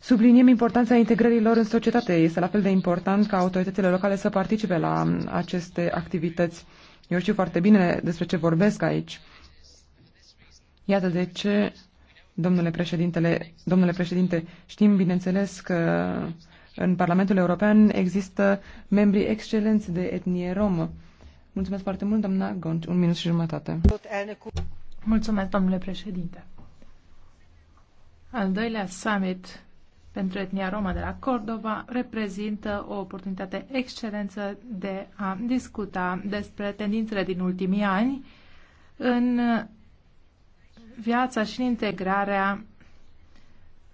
Subliniem importanța integrării lor în societate. Este la fel de important ca autoritățile locale să participe la aceste activități. Eu știu foarte bine despre ce vorbesc aici. Iată de ce, domnule președintele, domnule președinte, știm bineînțeles că în Parlamentul European există membri excelenți de etnie romă. Mulțumesc foarte mult, doamna Gonci. Un minut și jumătate. Mulțumesc, domnule președinte. Al doilea summit pentru etnia romă de la Cordova reprezintă o oportunitate excelentă de a discuta despre tendințele din ultimii ani în viața și în integrarea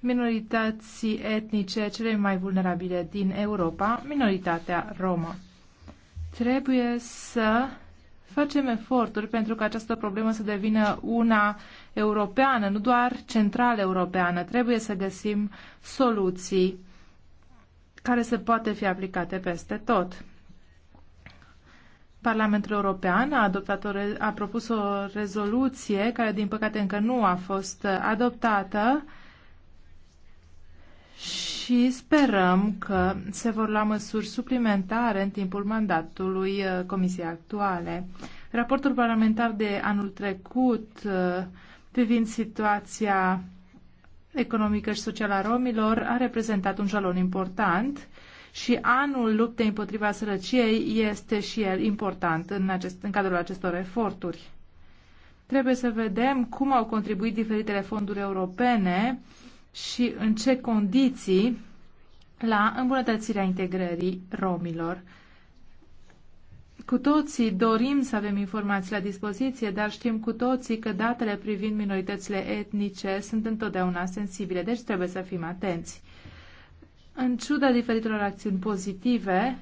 minorității etnice cele mai vulnerabile din Europa, minoritatea romă. Trebuie să facem eforturi pentru ca această problemă să devină una europeană, nu doar central europeană. Trebuie să găsim soluții care se poate fi aplicate peste tot. Parlamentul European a, adoptat o, a propus o rezoluție care, din păcate, încă nu a fost adoptată și sperăm că se vor lua măsuri suplimentare în timpul mandatului uh, Comisiei actuale. Raportul parlamentar de anul trecut uh, privind situația economică și socială a romilor a reprezentat un jalon important și anul luptei împotriva sărăciei este și el important în, acest, în cadrul acestor eforturi. Trebuie să vedem cum au contribuit diferitele fonduri europene uh, și în ce condiții la îmbunătățirea integrării romilor. Cu toții dorim să avem informații la dispoziție, dar știm cu toții că datele privind minoritățile etnice sunt întotdeauna sensibile, deci trebuie să fim atenți. În ciuda diferitelor acțiuni pozitive,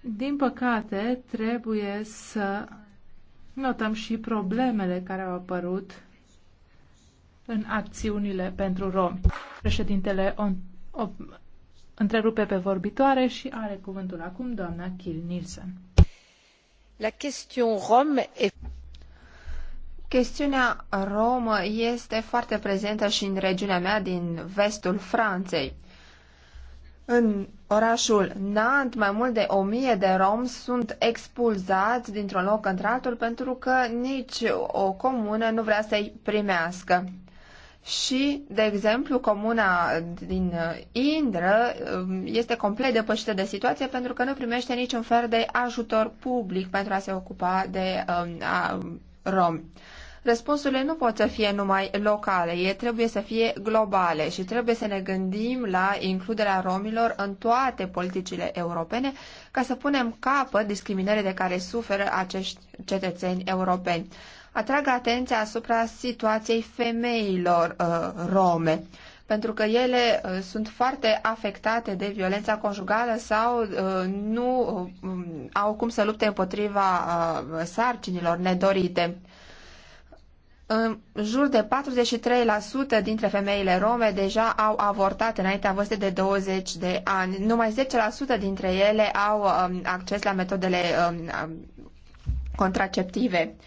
din păcate, trebuie să notăm și problemele care au apărut în acțiunile pentru romi. Președintele o, o, întrerupe pe vorbitoare și are cuvântul acum doamna Kill Nielsen. La question rom e... Chestiunea romă este foarte prezentă și în regiunea mea din vestul Franței. În orașul Nant, mai mult de o mie de romi sunt expulzați dintr-un loc într-altul pentru că nici o comună nu vrea să-i primească și, de exemplu, comuna din uh, Indră um, este complet depășită de situație pentru că nu primește niciun fel de ajutor public pentru a se ocupa de um, a, romi. Răspunsurile nu pot să fie numai locale, ele trebuie să fie globale și trebuie să ne gândim la includerea romilor în toate politicile europene ca să punem capăt discriminării de care suferă acești cetățeni europeni atrag atenția asupra situației femeilor uh, rome, pentru că ele uh, sunt foarte afectate de violența conjugală sau uh, nu uh, au cum să lupte împotriva uh, sarcinilor nedorite. În jur de 43% dintre femeile rome deja au avortat înaintea vârstei de 20 de ani. Numai 10% dintre ele au um, acces la metodele um, contraceptive. Uh,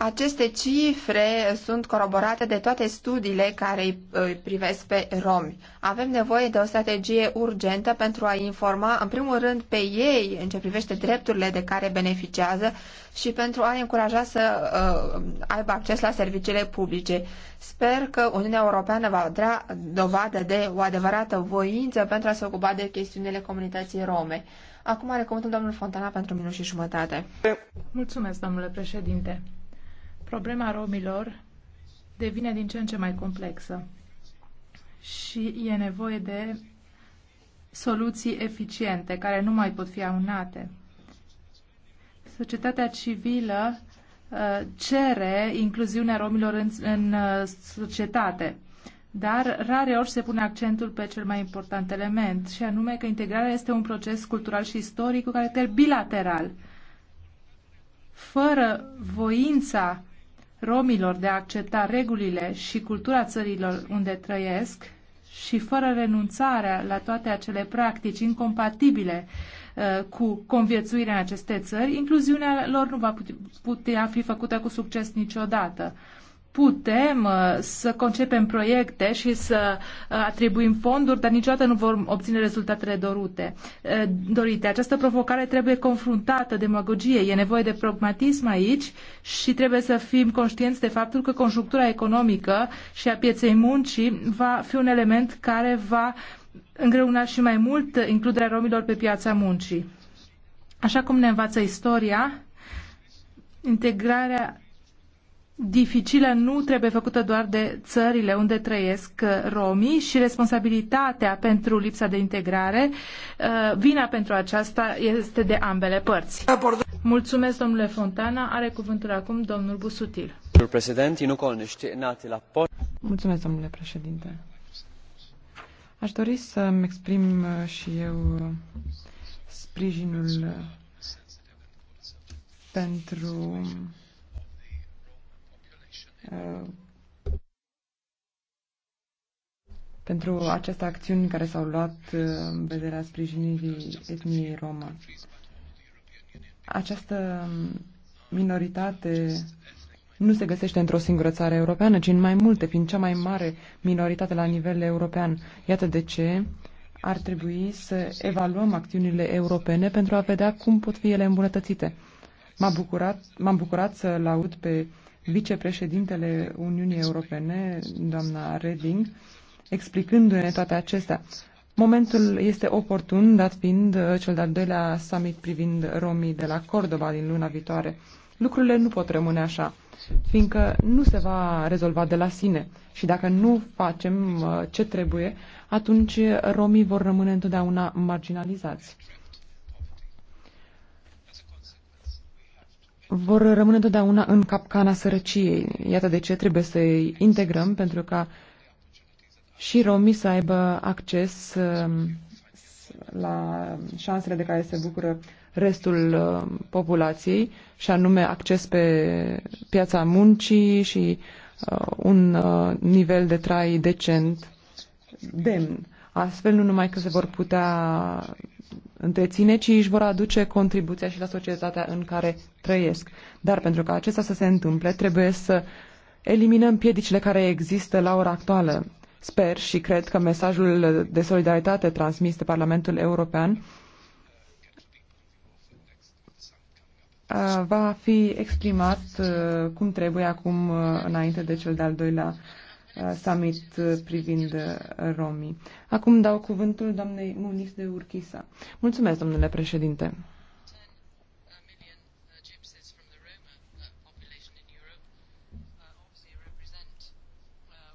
aceste cifre sunt coroborate de toate studiile care îi privesc pe romi. Avem nevoie de o strategie urgentă pentru a informa, în primul rând, pe ei în ce privește drepturile de care beneficiază și pentru a încuraja să uh, aibă acces la serviciile publice. Sper că Uniunea Europeană va da dovadă de o adevărată voință pentru a se ocupa de chestiunile comunității rome. Acum are cuvântul domnul Fontana pentru minut și jumătate. Mulțumesc, domnule președinte problema romilor devine din ce în ce mai complexă și e nevoie de soluții eficiente, care nu mai pot fi aunate. Societatea civilă uh, cere incluziunea romilor în, în uh, societate, dar rare ori se pune accentul pe cel mai important element, și anume că integrarea este un proces cultural și istoric cu caracter bilateral. Fără voința romilor de a accepta regulile și cultura țărilor unde trăiesc și fără renunțarea la toate acele practici incompatibile uh, cu conviețuirea în aceste țări, incluziunea lor nu va putea fi făcută cu succes niciodată putem uh, să concepem proiecte și să uh, atribuim fonduri, dar niciodată nu vom obține rezultatele dorute. Uh, dorite. Această provocare trebuie confruntată magogie. E nevoie de pragmatism aici și trebuie să fim conștienți de faptul că conjunctura economică și a pieței muncii va fi un element care va îngreuna și mai mult includerea romilor pe piața muncii. Așa cum ne învață istoria, integrarea dificilă nu trebuie făcută doar de țările unde trăiesc uh, romii și responsabilitatea pentru lipsa de integrare, uh, vina pentru aceasta este de ambele părți. Mulțumesc, domnule Fontana. Are cuvântul acum domnul Busutil. Mulțumesc, domnule președinte. Aș dori să-mi exprim uh, și eu sprijinul pentru Uh, pentru aceste acțiuni care s-au luat uh, în vederea sprijinirii etniei romă. Această minoritate nu se găsește într-o singură țară europeană, ci în mai multe, fiind cea mai mare minoritate la nivel european. Iată de ce ar trebui să evaluăm acțiunile europene pentru a vedea cum pot fi ele îmbunătățite. M-am bucurat, bucurat să-l aud pe uh, vicepreședintele Uniunii Europene, doamna Reding, explicându-ne toate acestea. Momentul este oportun, dat fiind uh, cel de-al doilea summit privind romii de la Cordoba din luna viitoare. Lucrurile nu pot rămâne așa, fiindcă nu se va rezolva de la sine și dacă nu facem uh, ce trebuie, atunci romii vor rămâne întotdeauna marginalizați. vor rămâne întotdeauna în capcana sărăciei. Iată de ce trebuie să îi integrăm pentru ca și romii să aibă acces um, la șansele de care se bucură restul um, populației și anume acces pe piața muncii și uh, un uh, nivel de trai decent, demn. Astfel nu numai că se vor putea întreține, ci își vor aduce contribuția și la societatea în care trăiesc. Dar pentru ca acesta să se întâmple, trebuie să eliminăm piedicile care există la ora actuală. Sper și cred că mesajul de solidaritate transmis de Parlamentul European va fi exprimat cum trebuie acum înainte de cel de-al doilea Uh, summit uh, privind uh, romii. Acum dau cuvântul doamnei Muniz de Urchisa. Mulțumesc, domnule președinte.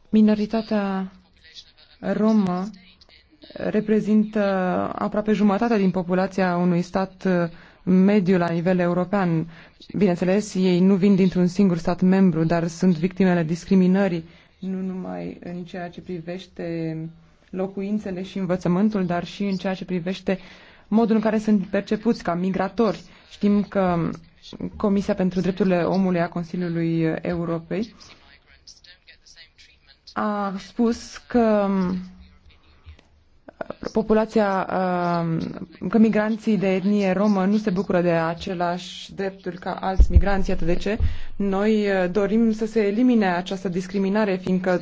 Minoritatea romă reprezintă aproape jumătatea din populația unui stat mediu la nivel european. Bineînțeles, ei nu vin dintr-un singur stat membru, dar sunt victimele discriminării nu numai în ceea ce privește locuințele și învățământul, dar și în ceea ce privește modul în care sunt percepuți ca migratori. Știm că Comisia pentru Drepturile Omului a Consiliului Europei a spus că populația, um, că migranții de etnie romă nu se bucură de același drepturi ca alți migranți. Iată de ce noi uh, dorim să se elimine această discriminare, fiindcă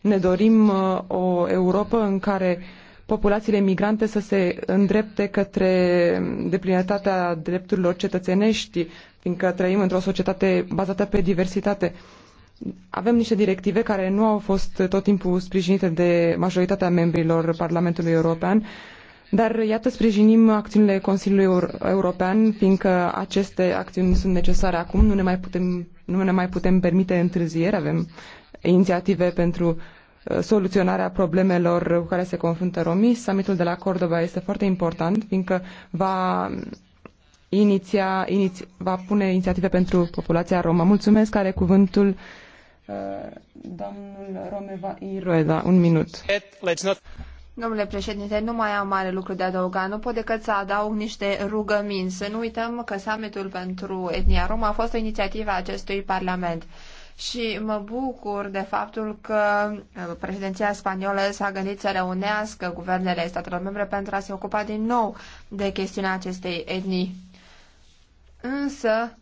ne dorim uh, o Europa în care populațiile migrante să se îndrepte către deplinătatea drepturilor cetățenești, fiindcă trăim într-o societate bazată pe diversitate avem niște directive care nu au fost tot timpul sprijinite de majoritatea membrilor Parlamentului European, dar iată sprijinim acțiunile Consiliului European, fiindcă aceste acțiuni sunt necesare acum, nu ne mai putem, nu ne mai putem permite întârzieri, avem inițiative pentru uh, soluționarea problemelor cu care se confruntă romii. Summitul de la Cordoba este foarte important, fiindcă va iniția, iniț, va pune inițiative pentru populația romă. Mulțumesc, are cuvântul Domnul Romeva Iroeda, un minut. Domnule președinte, nu mai am mare lucru de adăugat. Nu pot decât să adaug niște rugăminți. Să nu uităm că summitul pentru etnia romă a fost o inițiativă a acestui parlament. Și mă bucur de faptul că uh, președinția spaniolă s-a gândit să reunească guvernele statelor membre pentru a se ocupa din nou de chestiunea acestei etnii. Însă,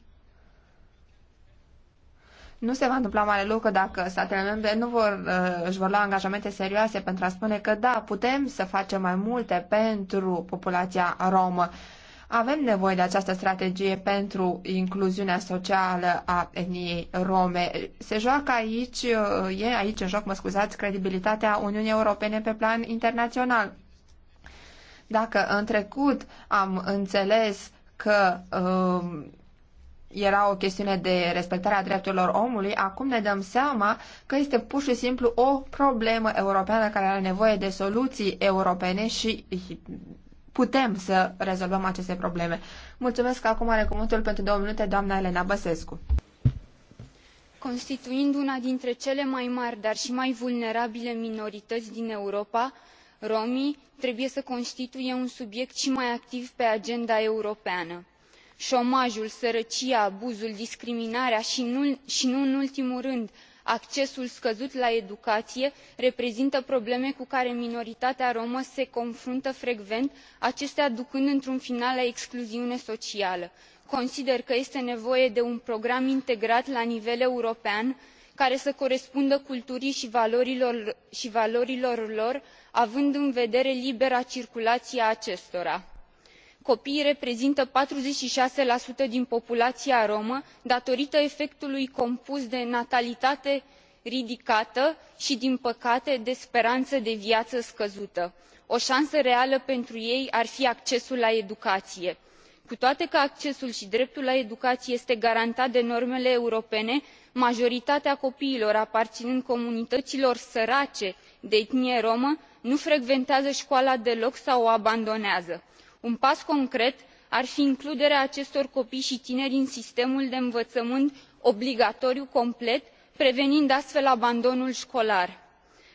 nu se va întâmpla mare lucru dacă statele membre nu vor, uh, își vor lua angajamente serioase pentru a spune că da, putem să facem mai multe pentru populația romă. Avem nevoie de această strategie pentru incluziunea socială a etniei rome. Se joacă aici, uh, e aici în joc, mă scuzați, credibilitatea Uniunii Europene pe plan internațional. Dacă în trecut am înțeles că uh, era o chestiune de respectare a drepturilor omului, acum ne dăm seama că este pur și simplu o problemă europeană care are nevoie de soluții europene și putem să rezolvăm aceste probleme. Mulțumesc că acum are cuvântul pentru două minute doamna Elena Băsescu. Constituind una dintre cele mai mari, dar și mai vulnerabile minorități din Europa, romii trebuie să constituie un subiect și mai activ pe agenda europeană omajul sărăcia abuzul discriminarea i nu în ultimul rând accesul scăzut la educaie reprezintă probleme cu care minoritatea romă se confruntă frecvent acestea ducând într un final la excluziune socială. consider că este nevoie de un program integrat la nivel european care să corespundă culturii i valorilor lor având în vedere libera circulaie a acestora copiii reprezintă patruzeci și șase din populaia romă datorită efectului compus de natalitate ridicată i din păcate de sperană de viaă scăzută. o ansă reală pentru ei ar fi accesul la educaie. cu toate că accesul i dreptul la educaie este garantat de normele europene majoritatea copiilor aparinând comunităilor sărace de etnie romă nu frecventează coala deloc sau o abandonează un pas concret ar fi includerea acestor copii i tineri în sistemul de învăământ obligatoriu complet prevenind astfel abandonul colar.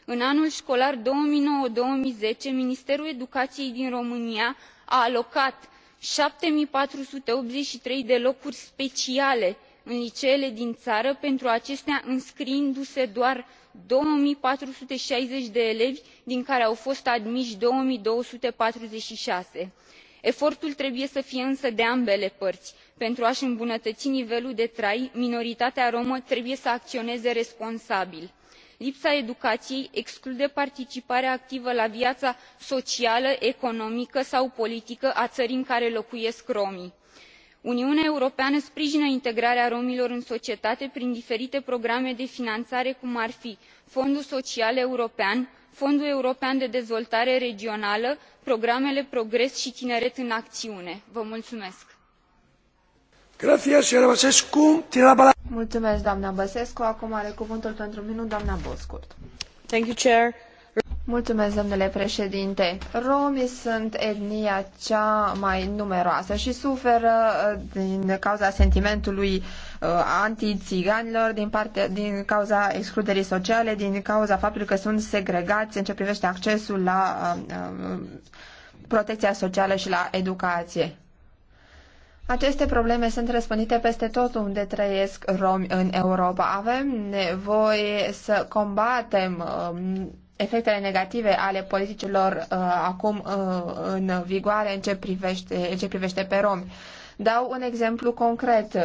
în anul colar două mii nouă două mii zece ministerul educaiei din românia a alocat șapte patru sute optzeci și trei de locuri speciale în liceele din ară pentru acestea înscriindu se doar doi patru sute șaizeci de elevi din care au fost admii doi două sute patruzeci și șase efortul trebuie să fie însă de ambele pări pentru a i îmbunătăi nivelul de trai minoritatea romă trebuie să acioneze responsabil. lipsa educaiei exclude participarea activă la viaa socială economică sau politică a ării în care locuiesc romii. uniunea europeană sprijină integrarea romilor în societate prin diferite programe de finanare cum ar fi fondul social european fondul european de dezvoltare regională programele progres și tineret în acțiune. vă mulțumesc. mulțumesc doamna băsescu. acum are cuvântul pentru un minut doamna bozkurt. Mulțumesc, domnule președinte. Romii sunt etnia cea mai numeroasă și suferă uh, din cauza sentimentului uh, Uh, anti-țiganilor din, parte, din cauza excluderii sociale, din cauza faptului că sunt segregați în ce privește accesul la uh, uh, protecția socială și la educație. Aceste probleme sunt răspândite peste tot unde trăiesc romi în Europa. Avem nevoie să combatem um, efectele negative ale politicilor uh, acum uh, în vigoare în ce, privește, în ce privește pe romi. Dau un exemplu concret. Uh,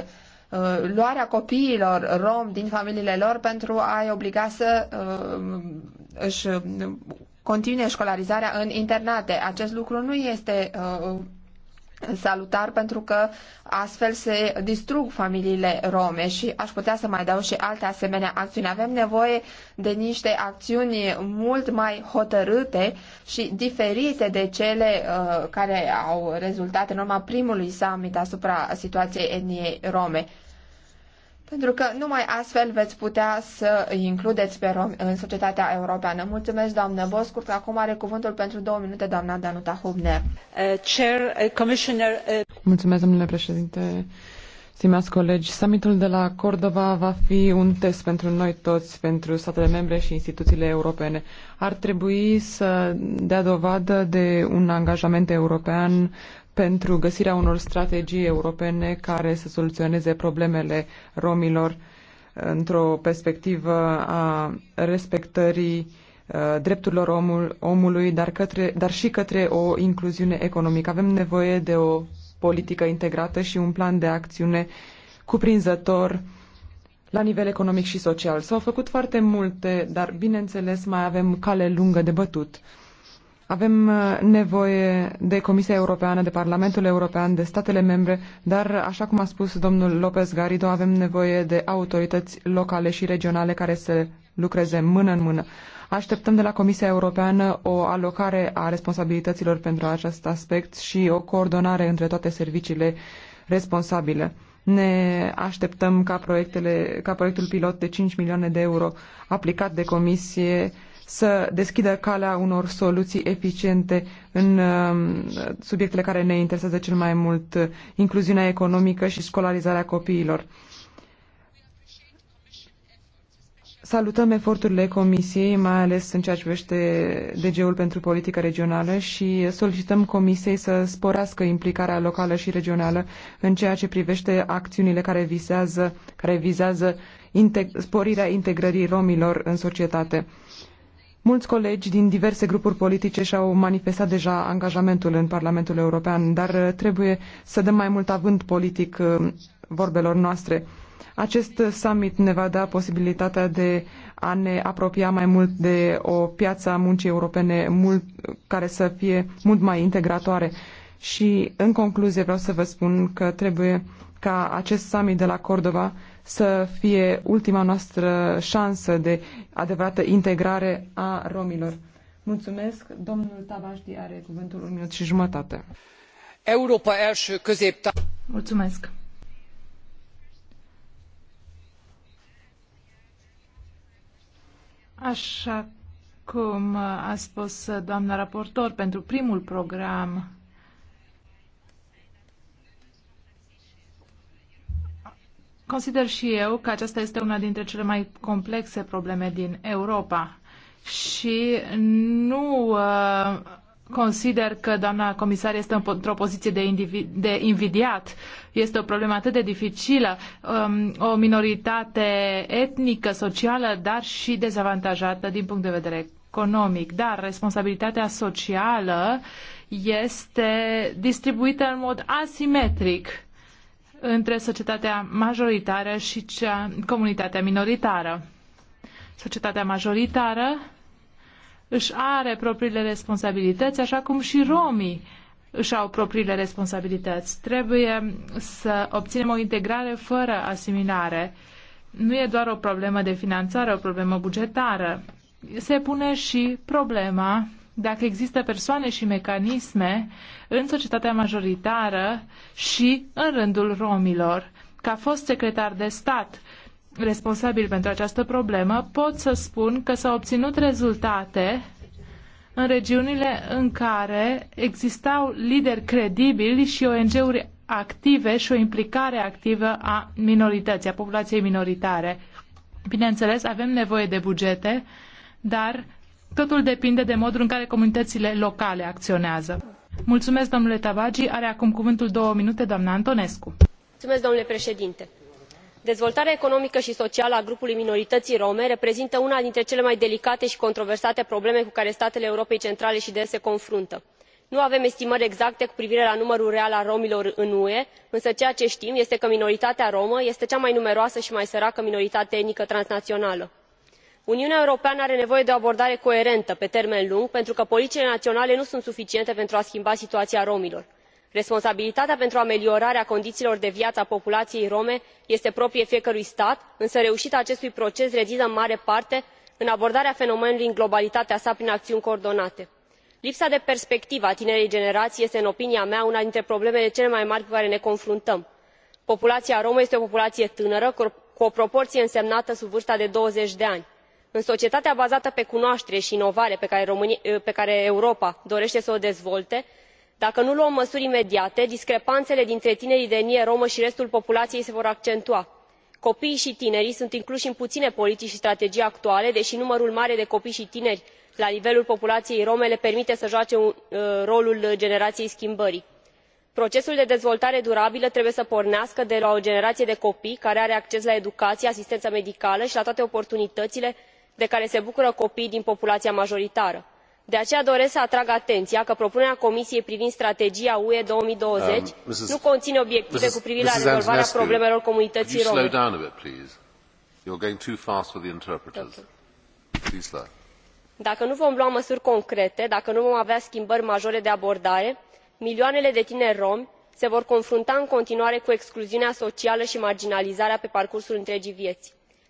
Uh, luarea copiilor rom din familiile lor pentru a-i obliga să uh, își continue școlarizarea în internate. Acest lucru nu este uh, salutar pentru că astfel se distrug familiile rome și aș putea să mai dau și alte asemenea acțiuni. Avem nevoie de niște acțiuni mult mai hotărâte și diferite de cele uh, care au rezultat în urma primului summit asupra situației etniei rome pentru că numai astfel veți putea să îi includeți pe romi în societatea europeană. Mulțumesc, doamnă Boscurt. Acum are cuvântul pentru două minute doamna Danuta Hubner. Uh, chair, uh, commissioner, uh... Mulțumesc, domnule președinte. Stimați colegi, summitul de la Cordova va fi un test pentru noi toți, pentru statele membre și instituțiile europene. Ar trebui să dea dovadă de un angajament european pentru găsirea unor strategii europene care să soluționeze problemele romilor într-o perspectivă a respectării uh, drepturilor omul, omului, dar, către, dar și către o incluziune economică. Avem nevoie de o politică integrată și un plan de acțiune cuprinzător la nivel economic și social. S-au făcut foarte multe, dar bineînțeles mai avem cale lungă de bătut. Avem uh, nevoie de Comisia Europeană, de Parlamentul European, de statele membre, dar, așa cum a spus domnul López Garrido, avem nevoie de autorități locale și regionale care să lucreze mână în mână. Așteptăm de la Comisia Europeană o alocare a responsabilităților pentru acest aspect și o coordonare între toate serviciile responsabile. Ne așteptăm ca, proiectele, ca proiectul pilot de 5 milioane de euro aplicat de Comisie să deschidă calea unor soluții eficiente în um, subiectele care ne interesează cel mai mult, incluziunea economică și școlarizarea copiilor. Salutăm eforturile Comisiei, mai ales în ceea ce privește DG-ul pentru politică regională și solicităm Comisiei să sporească implicarea locală și regională în ceea ce privește acțiunile care visează, care vizează integ- sporirea integrării romilor în societate. Mulți colegi din diverse grupuri politice și-au manifestat deja angajamentul în Parlamentul European, dar uh, trebuie să dăm mai mult avânt politic uh, vorbelor noastre. Acest summit ne va da posibilitatea de a ne apropia mai mult de o piață a muncii europene mult, care să fie mult mai integratoare. Și, în concluzie, vreau să vă spun că trebuie ca acest summit de la Cordova să fie ultima noastră șansă de adevărată integrare a romilor. Mulțumesc. Domnul Tavaști are cuvântul un minut și jumătate. Europa első középtá... Mulțumesc. Așa cum a spus doamna raportor, pentru primul program Consider și eu că aceasta este una dintre cele mai complexe probleme din Europa și nu uh, consider că doamna comisar este într-o poziție de, de invidiat. Este o problemă atât de dificilă, um, o minoritate etnică, socială, dar și dezavantajată din punct de vedere economic. Dar responsabilitatea socială este distribuită în mod asimetric între societatea majoritară și cea, comunitatea minoritară. Societatea majoritară își are propriile responsabilități, așa cum și romii își au propriile responsabilități. Trebuie să obținem o integrare fără asimilare. Nu e doar o problemă de finanțare, o problemă bugetară. Se pune și problema dacă există persoane și mecanisme în societatea majoritară și în rândul romilor. Ca fost secretar de stat responsabil pentru această problemă, pot să spun că s-au obținut rezultate în regiunile în care existau lideri credibili și ONG-uri active și o implicare activă a minorității, a populației minoritare. Bineînțeles, avem nevoie de bugete, dar Totul depinde de modul în care comunitățile locale acționează. Mulțumesc, domnule Tabagi. Are acum cuvântul două minute, doamna Antonescu. Mulțumesc, domnule președinte. Dezvoltarea economică și socială a grupului minorității rome reprezintă una dintre cele mai delicate și controversate probleme cu care statele Europei Centrale și de Est se confruntă nu avem estimări exacte cu privire la numărul real al romilor în ue însă ceea ce tim este că minoritatea romă este cea mai numeroasă i mai săracă minoritate etnică transnaională uniunea europeană are nevoie de o abordare coerentă pe termen lung pentru că politicile naionale nu sunt suficiente pentru a schimba situaia romilor. responsabilitatea pentru ameliorarea condiiilor de viaă a populaiei rome este proprie fiecărui stat însă reuita acestui proces rezidă în mare parte în abordarea fenomenului în globalitatea sa prin aciuni coordonate. lipsa de perspectivă a tinerei generaii este în opinia mea una dintre problemele cele mai mari cu care ne confruntăm. populaia romă este o populaie tânără cu o proporie însemnată sub vârsta de douăzeci de ani în societatea bazată pe cunoatere i inovare pe care eh, europa dorete să o dezvolte dacă nu luăm măsuri imediate discrepanele dintre tinerii de etnie romă i restul populaiei se vor accentua. copiii i tinerii sunt inclui în puine politici i strategii actuale dei numărul mare de copii i tineri la nivelul populaiei rome le permite să joace eh, rolul generaiei schimbării. procesul de dezvoltare durabilă trebuie să pornească de la o generaie de copii care are acces la educaie asistenă medicală i la toate oportunităile de care se bucură copiii din populaia majoritară. de aceea doresc să atrag atenia că propunerea comisiei privind strategia ue două mii douăzeci um, nu conine obiective cu privire la rezolvarea problemelor comunităii rome. dacă nu vom lua măsuri concrete dacă nu vom avea schimbări majore de abordare milioanele de tineri romi se vor confrunta în continuare cu excluziunea socială i marginalizarea pe parcursul întregii viei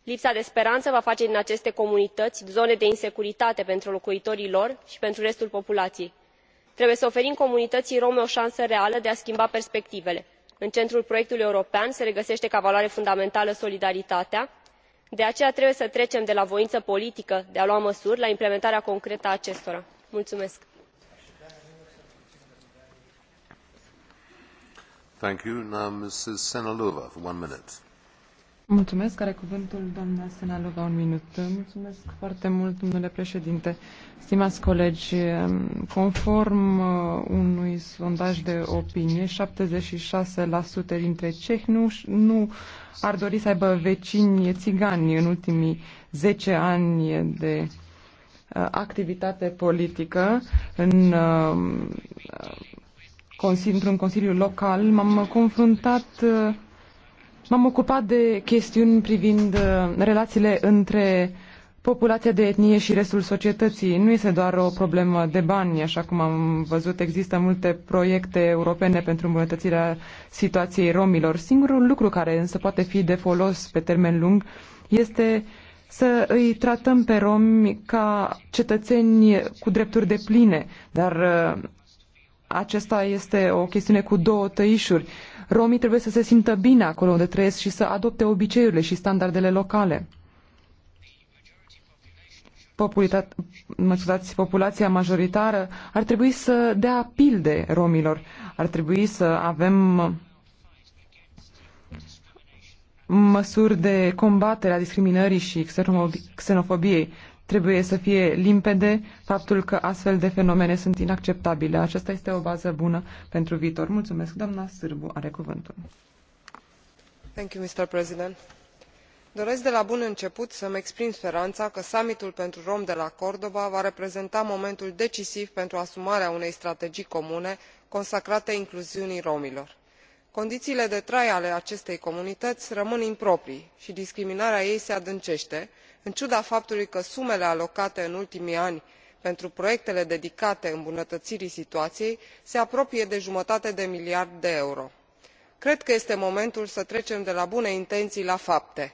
lipsa de sperană va face din aceste comunităi zone de insecuritate pentru locuitorii lor i pentru restul populaiei. trebuie să oferim comunităii rome o ansă reală de a schimba perspectivele. în centrul proiectului european se regăsete ca valoare fundamentală solidaritatea de aceea trebuie să trecem de la voina politică de a lua măsuri la implementarea concretă a acestora. Mulțumesc. Care cuvântul, doamna Senalova, un minut. Mulțumesc foarte mult, domnule președinte. Stimați colegi, um, conform uh, unui sondaj de opinie, 76% dintre cehi nu, nu ar dori să aibă vecini țigani în ultimii 10 ani de uh, activitate politică în um, uh, într-un consiliu local, m-am confruntat M-am ocupat de chestiuni privind uh, relațiile între populația de etnie și restul societății. Nu este doar o problemă de bani, așa cum am văzut, există multe proiecte europene pentru îmbunătățirea situației romilor. Singurul lucru care însă poate fi de folos pe termen lung este să îi tratăm pe romi ca cetățeni cu drepturi de pline, dar uh, acesta este o chestiune cu două tăișuri. Romii trebuie să se simtă bine acolo unde trăiesc și să adopte obiceiurile și standardele locale. Populita- populația majoritară ar trebui să dea pilde romilor. Ar trebui să avem măsuri de combatere a discriminării și xenofobiei. Trebuie să fie limpede faptul că astfel de fenomene sunt inacceptabile. Aceasta este o bază bună pentru viitor. Mulțumesc, doamna Sârbu, are cuvântul. Thank you, Mr. President. Doresc de la bun început să-mi exprim speranța că summitul pentru rom de la Cordoba va reprezenta momentul decisiv pentru asumarea unei strategii comune consacrate incluziunii romilor Condițiile de trai ale acestei comunități rămân improprii și discriminarea ei se adâncește, în ciuda faptului că sumele alocate în ultimii ani pentru proiectele dedicate îmbunătăirii situaiei se apropie de jumătate de miliard de euro. cred că este momentul să trecem de la bune intenii la fapte.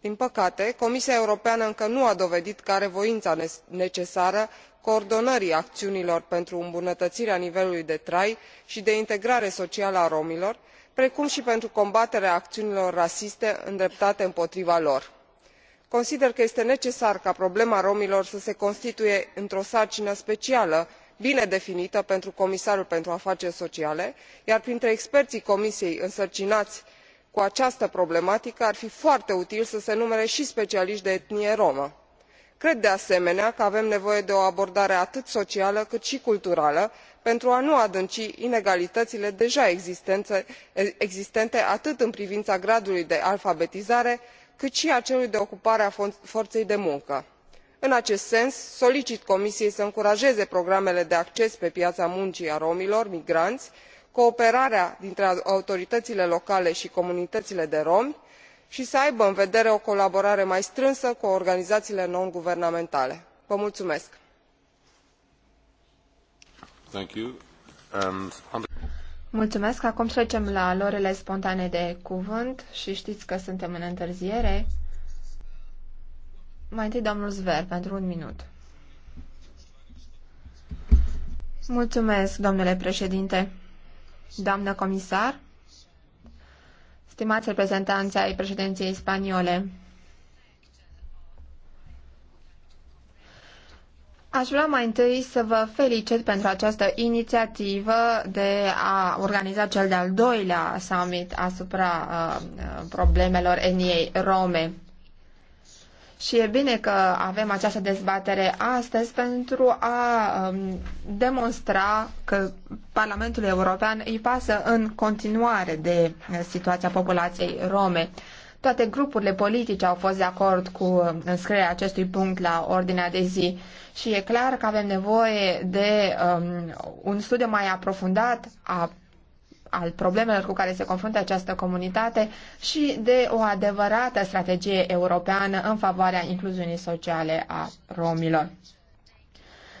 din păcate comisia europeană încă nu a dovedit că are voina necesară coordonării aciunilor pentru îmbunătăirea nivelului de trai i de integrare socială a romilor precum i pentru combaterea aciunilor rasiste îndreptate împotriva lor consider că este necesar ca problema romilor să se constituie într o sarcină specială bine definită pentru comisarul pentru afaceri sociale iar printre experii comisiei însărcinai cu această problematică ar fi foarte util să se numere i specialiti de etnie romă. cred de asemenea că avem nevoie de o abordare atât socială cât i culturală pentru a nu adânci inegalităile deja existente atât în privina gradului de alfabetizare cât i a celui de ocupare a forei de muncă. în acest sens solicit comisiei să încurajeze programele de acces pe piaa muncii a romilor migrani cooperarea dintre autorităile locale i comunităile de romi i să aibă în vedere o colaborare mai strânsă cu organizaiile non guvernamentale. vă Mulțumesc. Acum trecem la lorele spontane de cuvânt și știți că suntem în întârziere. Mai întâi domnul Zver, pentru un minut. Mulțumesc, domnule președinte. Doamnă comisar, stimați reprezentanți ai președinției spaniole, Aș vrea mai întâi să vă felicit pentru această inițiativă de a organiza cel de-al doilea summit asupra uh, uh, problemelor etniei rome. Și e bine că avem această dezbatere astăzi pentru a um, demonstra că Parlamentul European îi pasă în continuare de uh, situația populației rome. Toate grupurile politice au fost de acord cu uh, înscrierea acestui punct la ordinea de zi și e clar că avem nevoie de um, un studiu mai aprofundat a al problemelor cu care se confruntă această comunitate și de o adevărată strategie europeană în favoarea incluziunii sociale a romilor.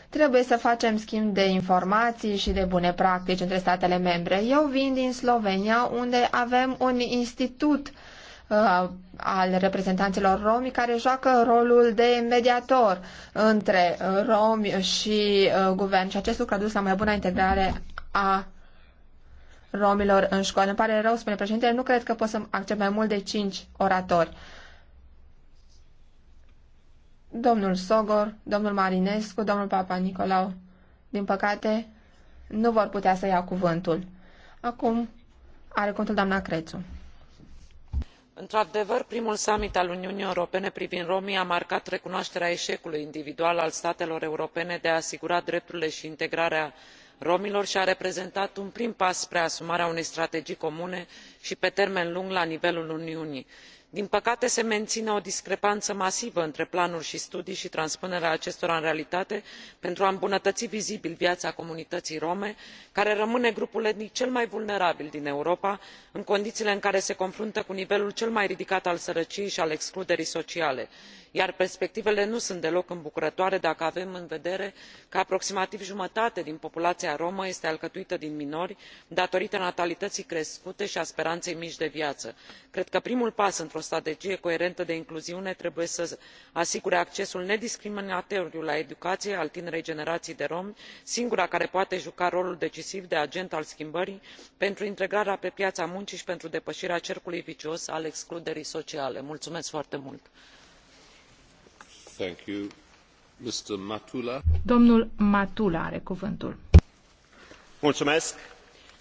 Trebuie să facem schimb de informații și de bune practici între statele membre. Eu vin din Slovenia, unde avem un institut Uh, al reprezentanților romi care joacă rolul de mediator între romi și uh, guvern și acest lucru a dus la mai bună integrare a romilor în școală. Îmi pare rău, spune președintele, nu cred că pot să accept mai mult de cinci oratori. Domnul Sogor, domnul Marinescu, domnul Papa Nicolau, din păcate, nu vor putea să ia cuvântul. Acum are cuvântul doamna Crețu într adevăr primul summit al uniunii europene privind romii a marcat recunoaterea eecului individual al statelor europene de a asigura drepturile i integrarea romilor i a reprezentat un prim pas spre asumarea unei strategii comune i pe termen lung la nivelul uniunii din păcate se menine o discrepană masivă între planuri i studii i transpunerea acestora în realitate pentru a îmbunătăi vizibil viaa comunităii rome care rămâne grupul etnic cel mai vulnerabil din europa în condiiile în care se confruntă cu nivelul cel mai ridicat al sărăciei i al excluderii sociale i iar perspectivele nu sunt deloc îmbucurătoare dacă avem în vedere că aproximativ jumătate din populaia romă este alcătuită din minori datorită natalităii crescute i a speranei mici de viaă. cred că primul pas într o strategie coerentă de incluziune trebuie să asigure accesul nediscriminatoriu la educaie al tinerei generaii de romi singura care poate juca rolul decisiv de agent al schimbării pentru integrarea pe piaa muncii i pentru depăirea cercului vicios al excluderii sociale. foarte mult. Thank you. Mr. Matula. Domnul Matula are cuvântul. Mulțumesc.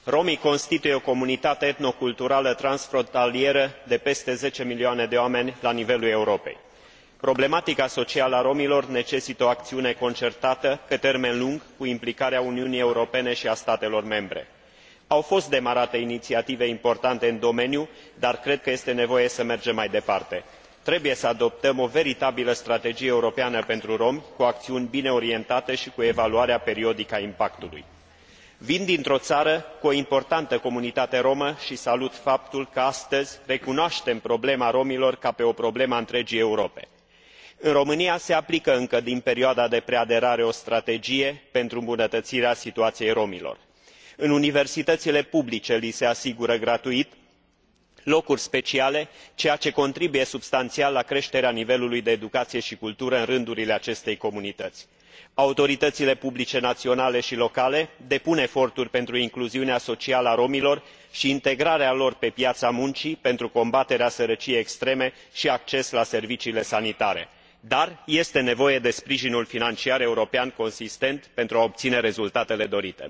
Romii constituie o comunitate etnoculturală transfrontalieră de peste zece milioane de oameni la nivelul Europei. Problematica socială a romilor necesită o acțiune concertată pe termen lung cu implicarea Uniunii Europene și a statelor membre au fost demarate iniiative importante în domeniu dar cred că este nevoie să mergem mai departe trebuie să adoptăm o veritabilă strategie europeană pentru romi cu aciuni bine orientate i cu evaluarea periodică a impactului. vin dintr o ară cu o importantă comunitate romă i salut faptul că astăzi recunoatem problema romilor ca pe o problemă a întregii europe. în românia se aplică încă din perioada de preaderare o strategie pentru îmbunătăirea situaiei romilor. în universităile publice li se asigură gratuit locuri speciale ceea ce contribuie substanial la creterea nivelului de educaie i cultură în rândurile acestei comunităi. autorităile publice naionale i locale depun eforturi pentru incluziunea socială a romilor i integrarea lor pe piaa muncii pentru combaterea sărăciei extreme i acces la serviciile sanitare dar este nevoie de sprijinul financiar european consistent pentru a obine rezultatele dorite.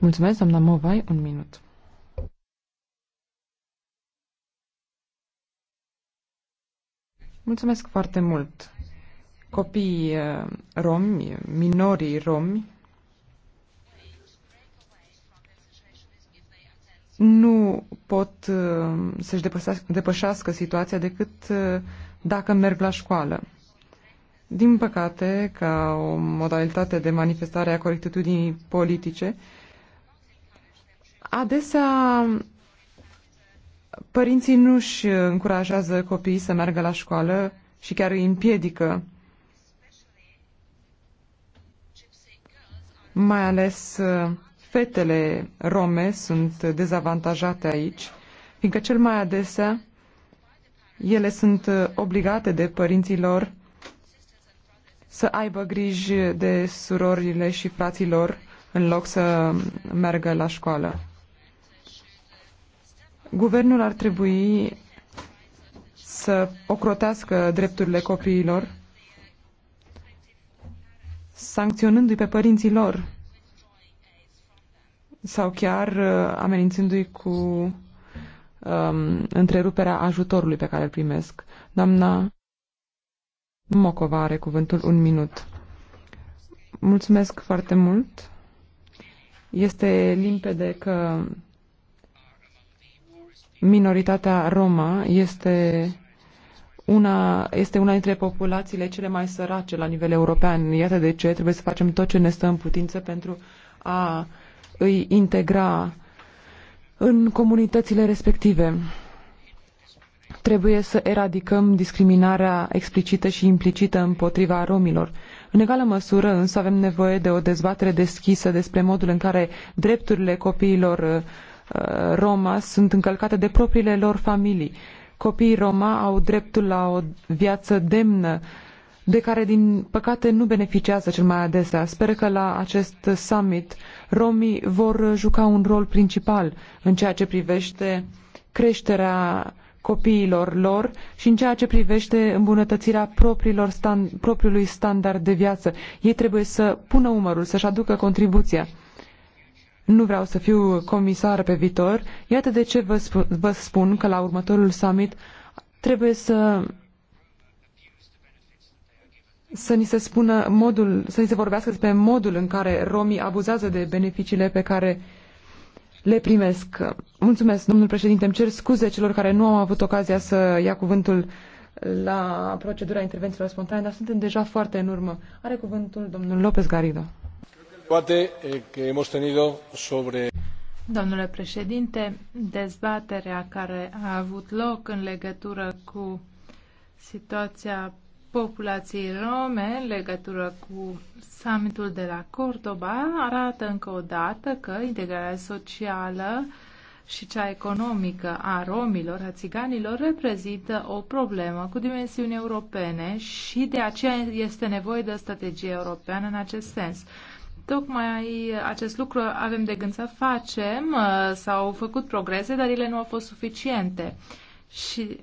Mulțumesc, doamna Movai, un minut. Mulțumesc foarte mult. Copiii eh, romi, minorii romi, nu pot eh, să-și depășească situația decât eh, dacă merg la școală. Din păcate, ca o modalitate de manifestare a corectitudinii politice, adesea părinții nu își încurajează copiii să meargă la școală și chiar îi împiedică. Mai ales uh, fetele rome sunt dezavantajate aici, fiindcă cel mai adesea ele sunt uh, obligate de părinții lor să aibă griji de surorile și fraților în loc să meargă la școală. Guvernul ar trebui să ocrotească drepturile copiilor, sancționându-i pe părinții lor sau chiar uh, amenințându-i cu um, întreruperea ajutorului pe care îl primesc. Doamna Mocova are cuvântul un minut. Mulțumesc foarte mult. Este limpede că minoritatea Roma este una, este una dintre populațiile cele mai sărace la nivel european. Iată de ce trebuie să facem tot ce ne stă în putință pentru a îi integra în comunitățile respective. Trebuie să eradicăm discriminarea explicită și implicită împotriva romilor. În egală măsură, însă, avem nevoie de o dezbatere deschisă despre modul în care drepturile copiilor uh, uh, Roma sunt încălcate de propriile lor familii. Copiii Roma au dreptul la o viață demnă, de care, din păcate, nu beneficiază cel mai adesea. Sper că la acest summit romii vor juca un rol principal în ceea ce privește creșterea copiilor lor și în ceea ce privește îmbunătățirea propriilor stand, propriului standard de viață. Ei trebuie să pună umărul, să-și aducă contribuția. Nu vreau să fiu comisar pe viitor. Iată de ce vă, sp- vă spun că la următorul summit trebuie să să ni se spună modul, să ni se vorbească despre modul în care romii abuzează de beneficiile pe care uh, le primesc. Mulțumesc, domnul președinte. Îmi cer scuze celor care nu au avut ocazia să ia cuvântul la procedura intervențiilor spontane, dar suntem deja foarte în urmă. Are cuvântul domnul López Garrido. Poate că eh, hemos tenido sobre... Domnule președinte, dezbaterea care a avut loc în legătură cu situația populației rome în legătură cu summitul de la Cordoba arată încă o dată că integrarea socială și cea economică a romilor, a țiganilor, reprezintă o problemă cu dimensiuni europene și de aceea este nevoie de o strategie europeană în acest sens. Tocmai acest lucru avem de gând să facem, uh, s-au făcut progrese, dar ele nu au fost suficiente. Și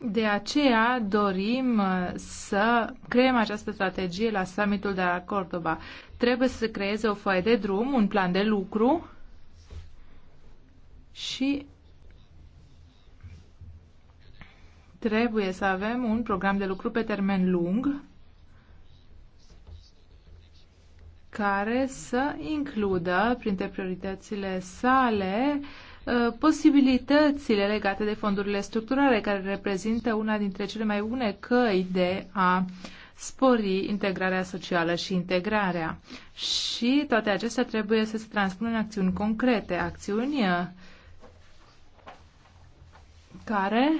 de aceea dorim uh, să creăm această strategie la summitul de la Cordoba. Trebuie să se creeze o foaie de drum, un plan de lucru și trebuie să avem un program de lucru pe termen lung care să includă printre prioritățile sale uh, Uh, posibilitățile legate de fondurile structurale, care reprezintă una dintre cele mai bune căi de a spori integrarea socială și integrarea. Și toate acestea trebuie să se transpună în acțiuni concrete, acțiuni uh, care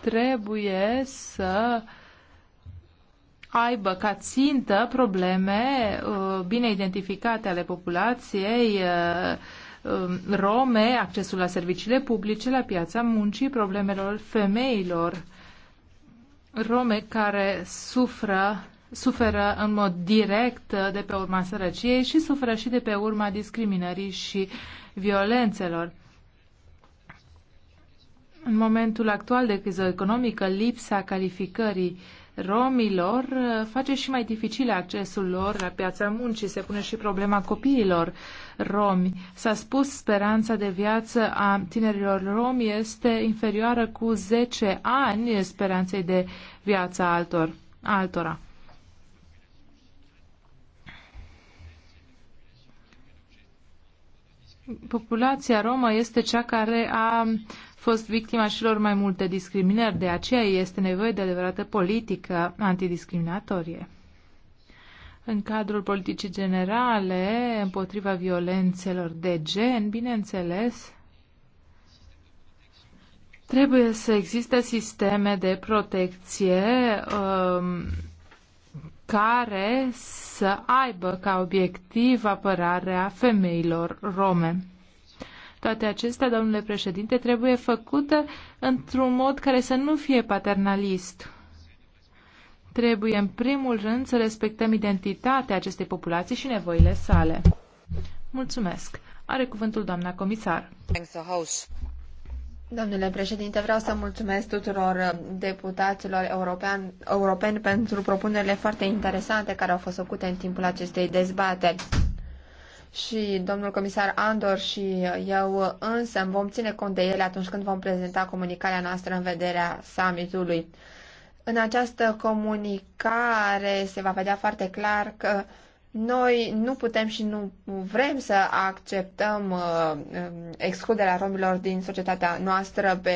trebuie să aibă ca țintă probleme uh, bine identificate ale populației, Um, rome, accesul la serviciile publice, la piața muncii, problemelor femeilor rome care sufră suferă în mod direct de pe urma sărăciei și suferă și de pe urma discriminării și violențelor. În momentul actual de criză economică, lipsa calificării uh, romilor uh, face și mai dificil accesul lor la piața muncii. Se pune și problema copiilor romi. S-a spus speranța de viață a tinerilor romi este inferioară cu 10 ani speranței de viață altor, altora. populația romă este cea care a fost victima celor mai multe discriminări, de aceea este nevoie de adevărată politică antidiscriminatorie. În cadrul politicii generale împotriva violențelor de gen, bineînțeles, trebuie să existe sisteme de protecție um, care să aibă ca obiectiv apărarea femeilor rome. Toate acestea, domnule președinte, trebuie făcute într-un mod care să nu fie paternalist. Trebuie, în primul rând, să respectăm identitatea acestei populații și nevoile sale. Mulțumesc. Are cuvântul doamna comisar. Domnule președinte, vreau să mulțumesc tuturor deputaților european, europeni pentru propunerile foarte interesante care au fost făcute în timpul acestei dezbateri și domnul comisar Andor și eu însă vom ține cont de ele atunci când vom prezenta comunicarea noastră în vederea summitului. În această comunicare se va vedea foarte clar că noi nu putem și nu vrem să acceptăm uh, uh excluderea romilor din societatea noastră pe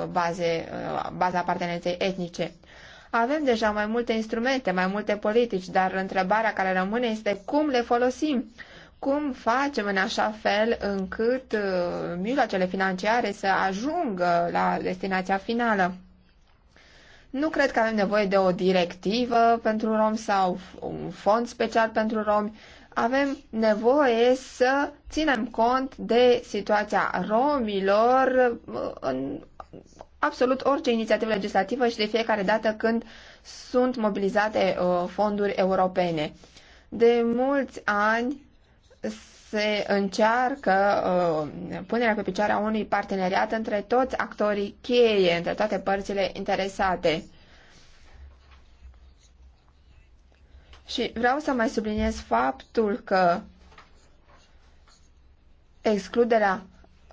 uh, baze, uh, baza apartenenței etnice. Avem deja mai multe instrumente, mai multe politici, dar întrebarea care rămâne este cum le folosim cum facem în așa fel încât uh, mijloacele financiare să ajungă la destinația finală. Nu cred că avem nevoie de o directivă pentru romi sau un fond special pentru romi. Avem nevoie să ținem cont de situația romilor uh, în absolut orice inițiativă legislativă și de fiecare dată când sunt mobilizate uh, fonduri europene. De mulți ani se încearcă uh, punerea pe picioare a unui parteneriat între toți actorii cheie, între toate părțile interesate. Și vreau să mai subliniez faptul că excluderea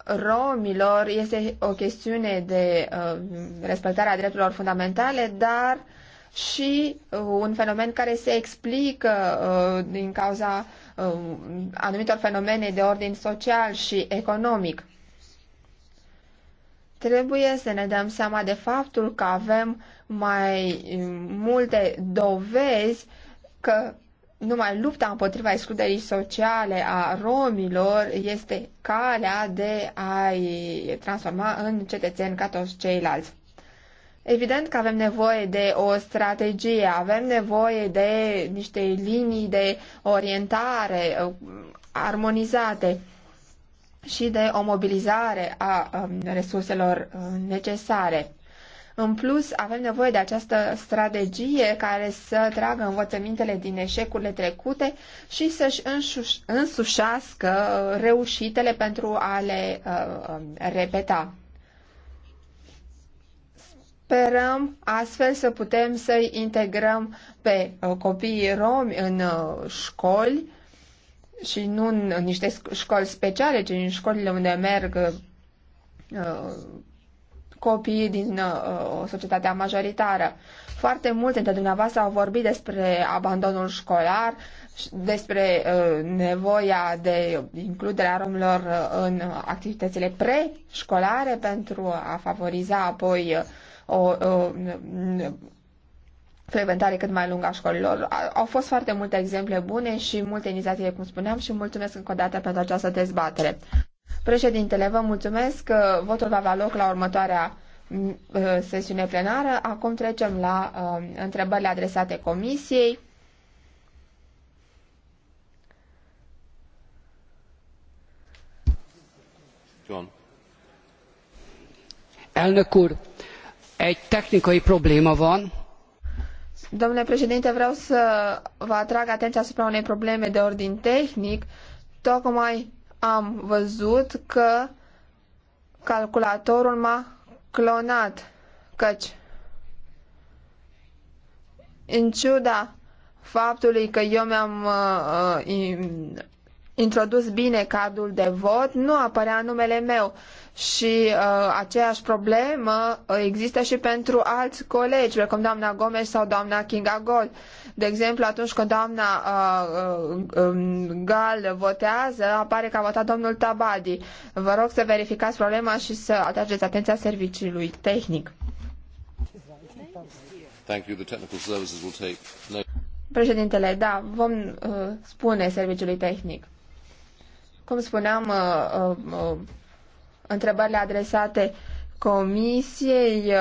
romilor este o chestiune de uh, respectarea drepturilor fundamentale, dar uh, și uh, un fenomen care se explică uh, din cauza uh, anumitor fenomene de ordin social și economic. Trebuie să ne dăm seama de faptul că avem mai multe dovezi că numai lupta împotriva excluderii sociale a romilor este calea de a-i transforma în cetățeni ca toți ceilalți. Evident că avem nevoie de o strategie, avem nevoie de niște linii de orientare uh, armonizate și de o mobilizare a um, resurselor uh, necesare. În plus, avem nevoie de această strategie care să tragă învățămintele din eșecurile trecute și să-și însușească uh, reușitele pentru a le um, repeta sperăm astfel să putem să-i integrăm pe uh, copiii romi în uh, școli și nu în niște școli speciale, ci în școlile unde merg uh, copiii din societatea majoritară. Foarte multe dintre dumneavoastră au vorbit despre abandonul școlar, despre nevoia de includerea romilor în activitățile preșcolare pentru a favoriza apoi uh, o frecventare cât mai lungă a școlilor. Au fost foarte multe exemple bune și multe inițiative, cum spuneam, și mulțumesc încă o dată pentru această dezbatere. Președintele, vă mulțumesc că votul va avea loc la următoarea mm, uh, sesiune plenară. Acum trecem la uh, întrebările adresate comisiei. John. Elnök úr, egy technikai probléma van. Domnule președinte, vreau să vă atrag atenția asupra unei probleme de ordin tehnic. Tocmai am văzut că calculatorul m-a clonat, căci în ciuda faptului că eu mi-am uh, uh introdus bine cardul de vot, nu apărea numele meu și uh, aceeași problemă există și pentru alți colegi, precum doamna Gomes sau doamna Kinga Gol. De exemplu, atunci când doamna uh, uh, um, Gal votează, apare că a votat domnul Tabadi. Vă rog să verificați problema și să atrageți atenția serviciului tehnic. Thank you. The technical services will take... Președintele, da, vom uh, spune serviciului tehnic. Cum spuneam, uh, uh, uh, întrebările adresate comisiei,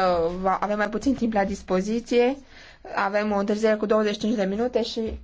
avem mai puțin timp la dispoziție, avem o întârziere cu 25 de minute și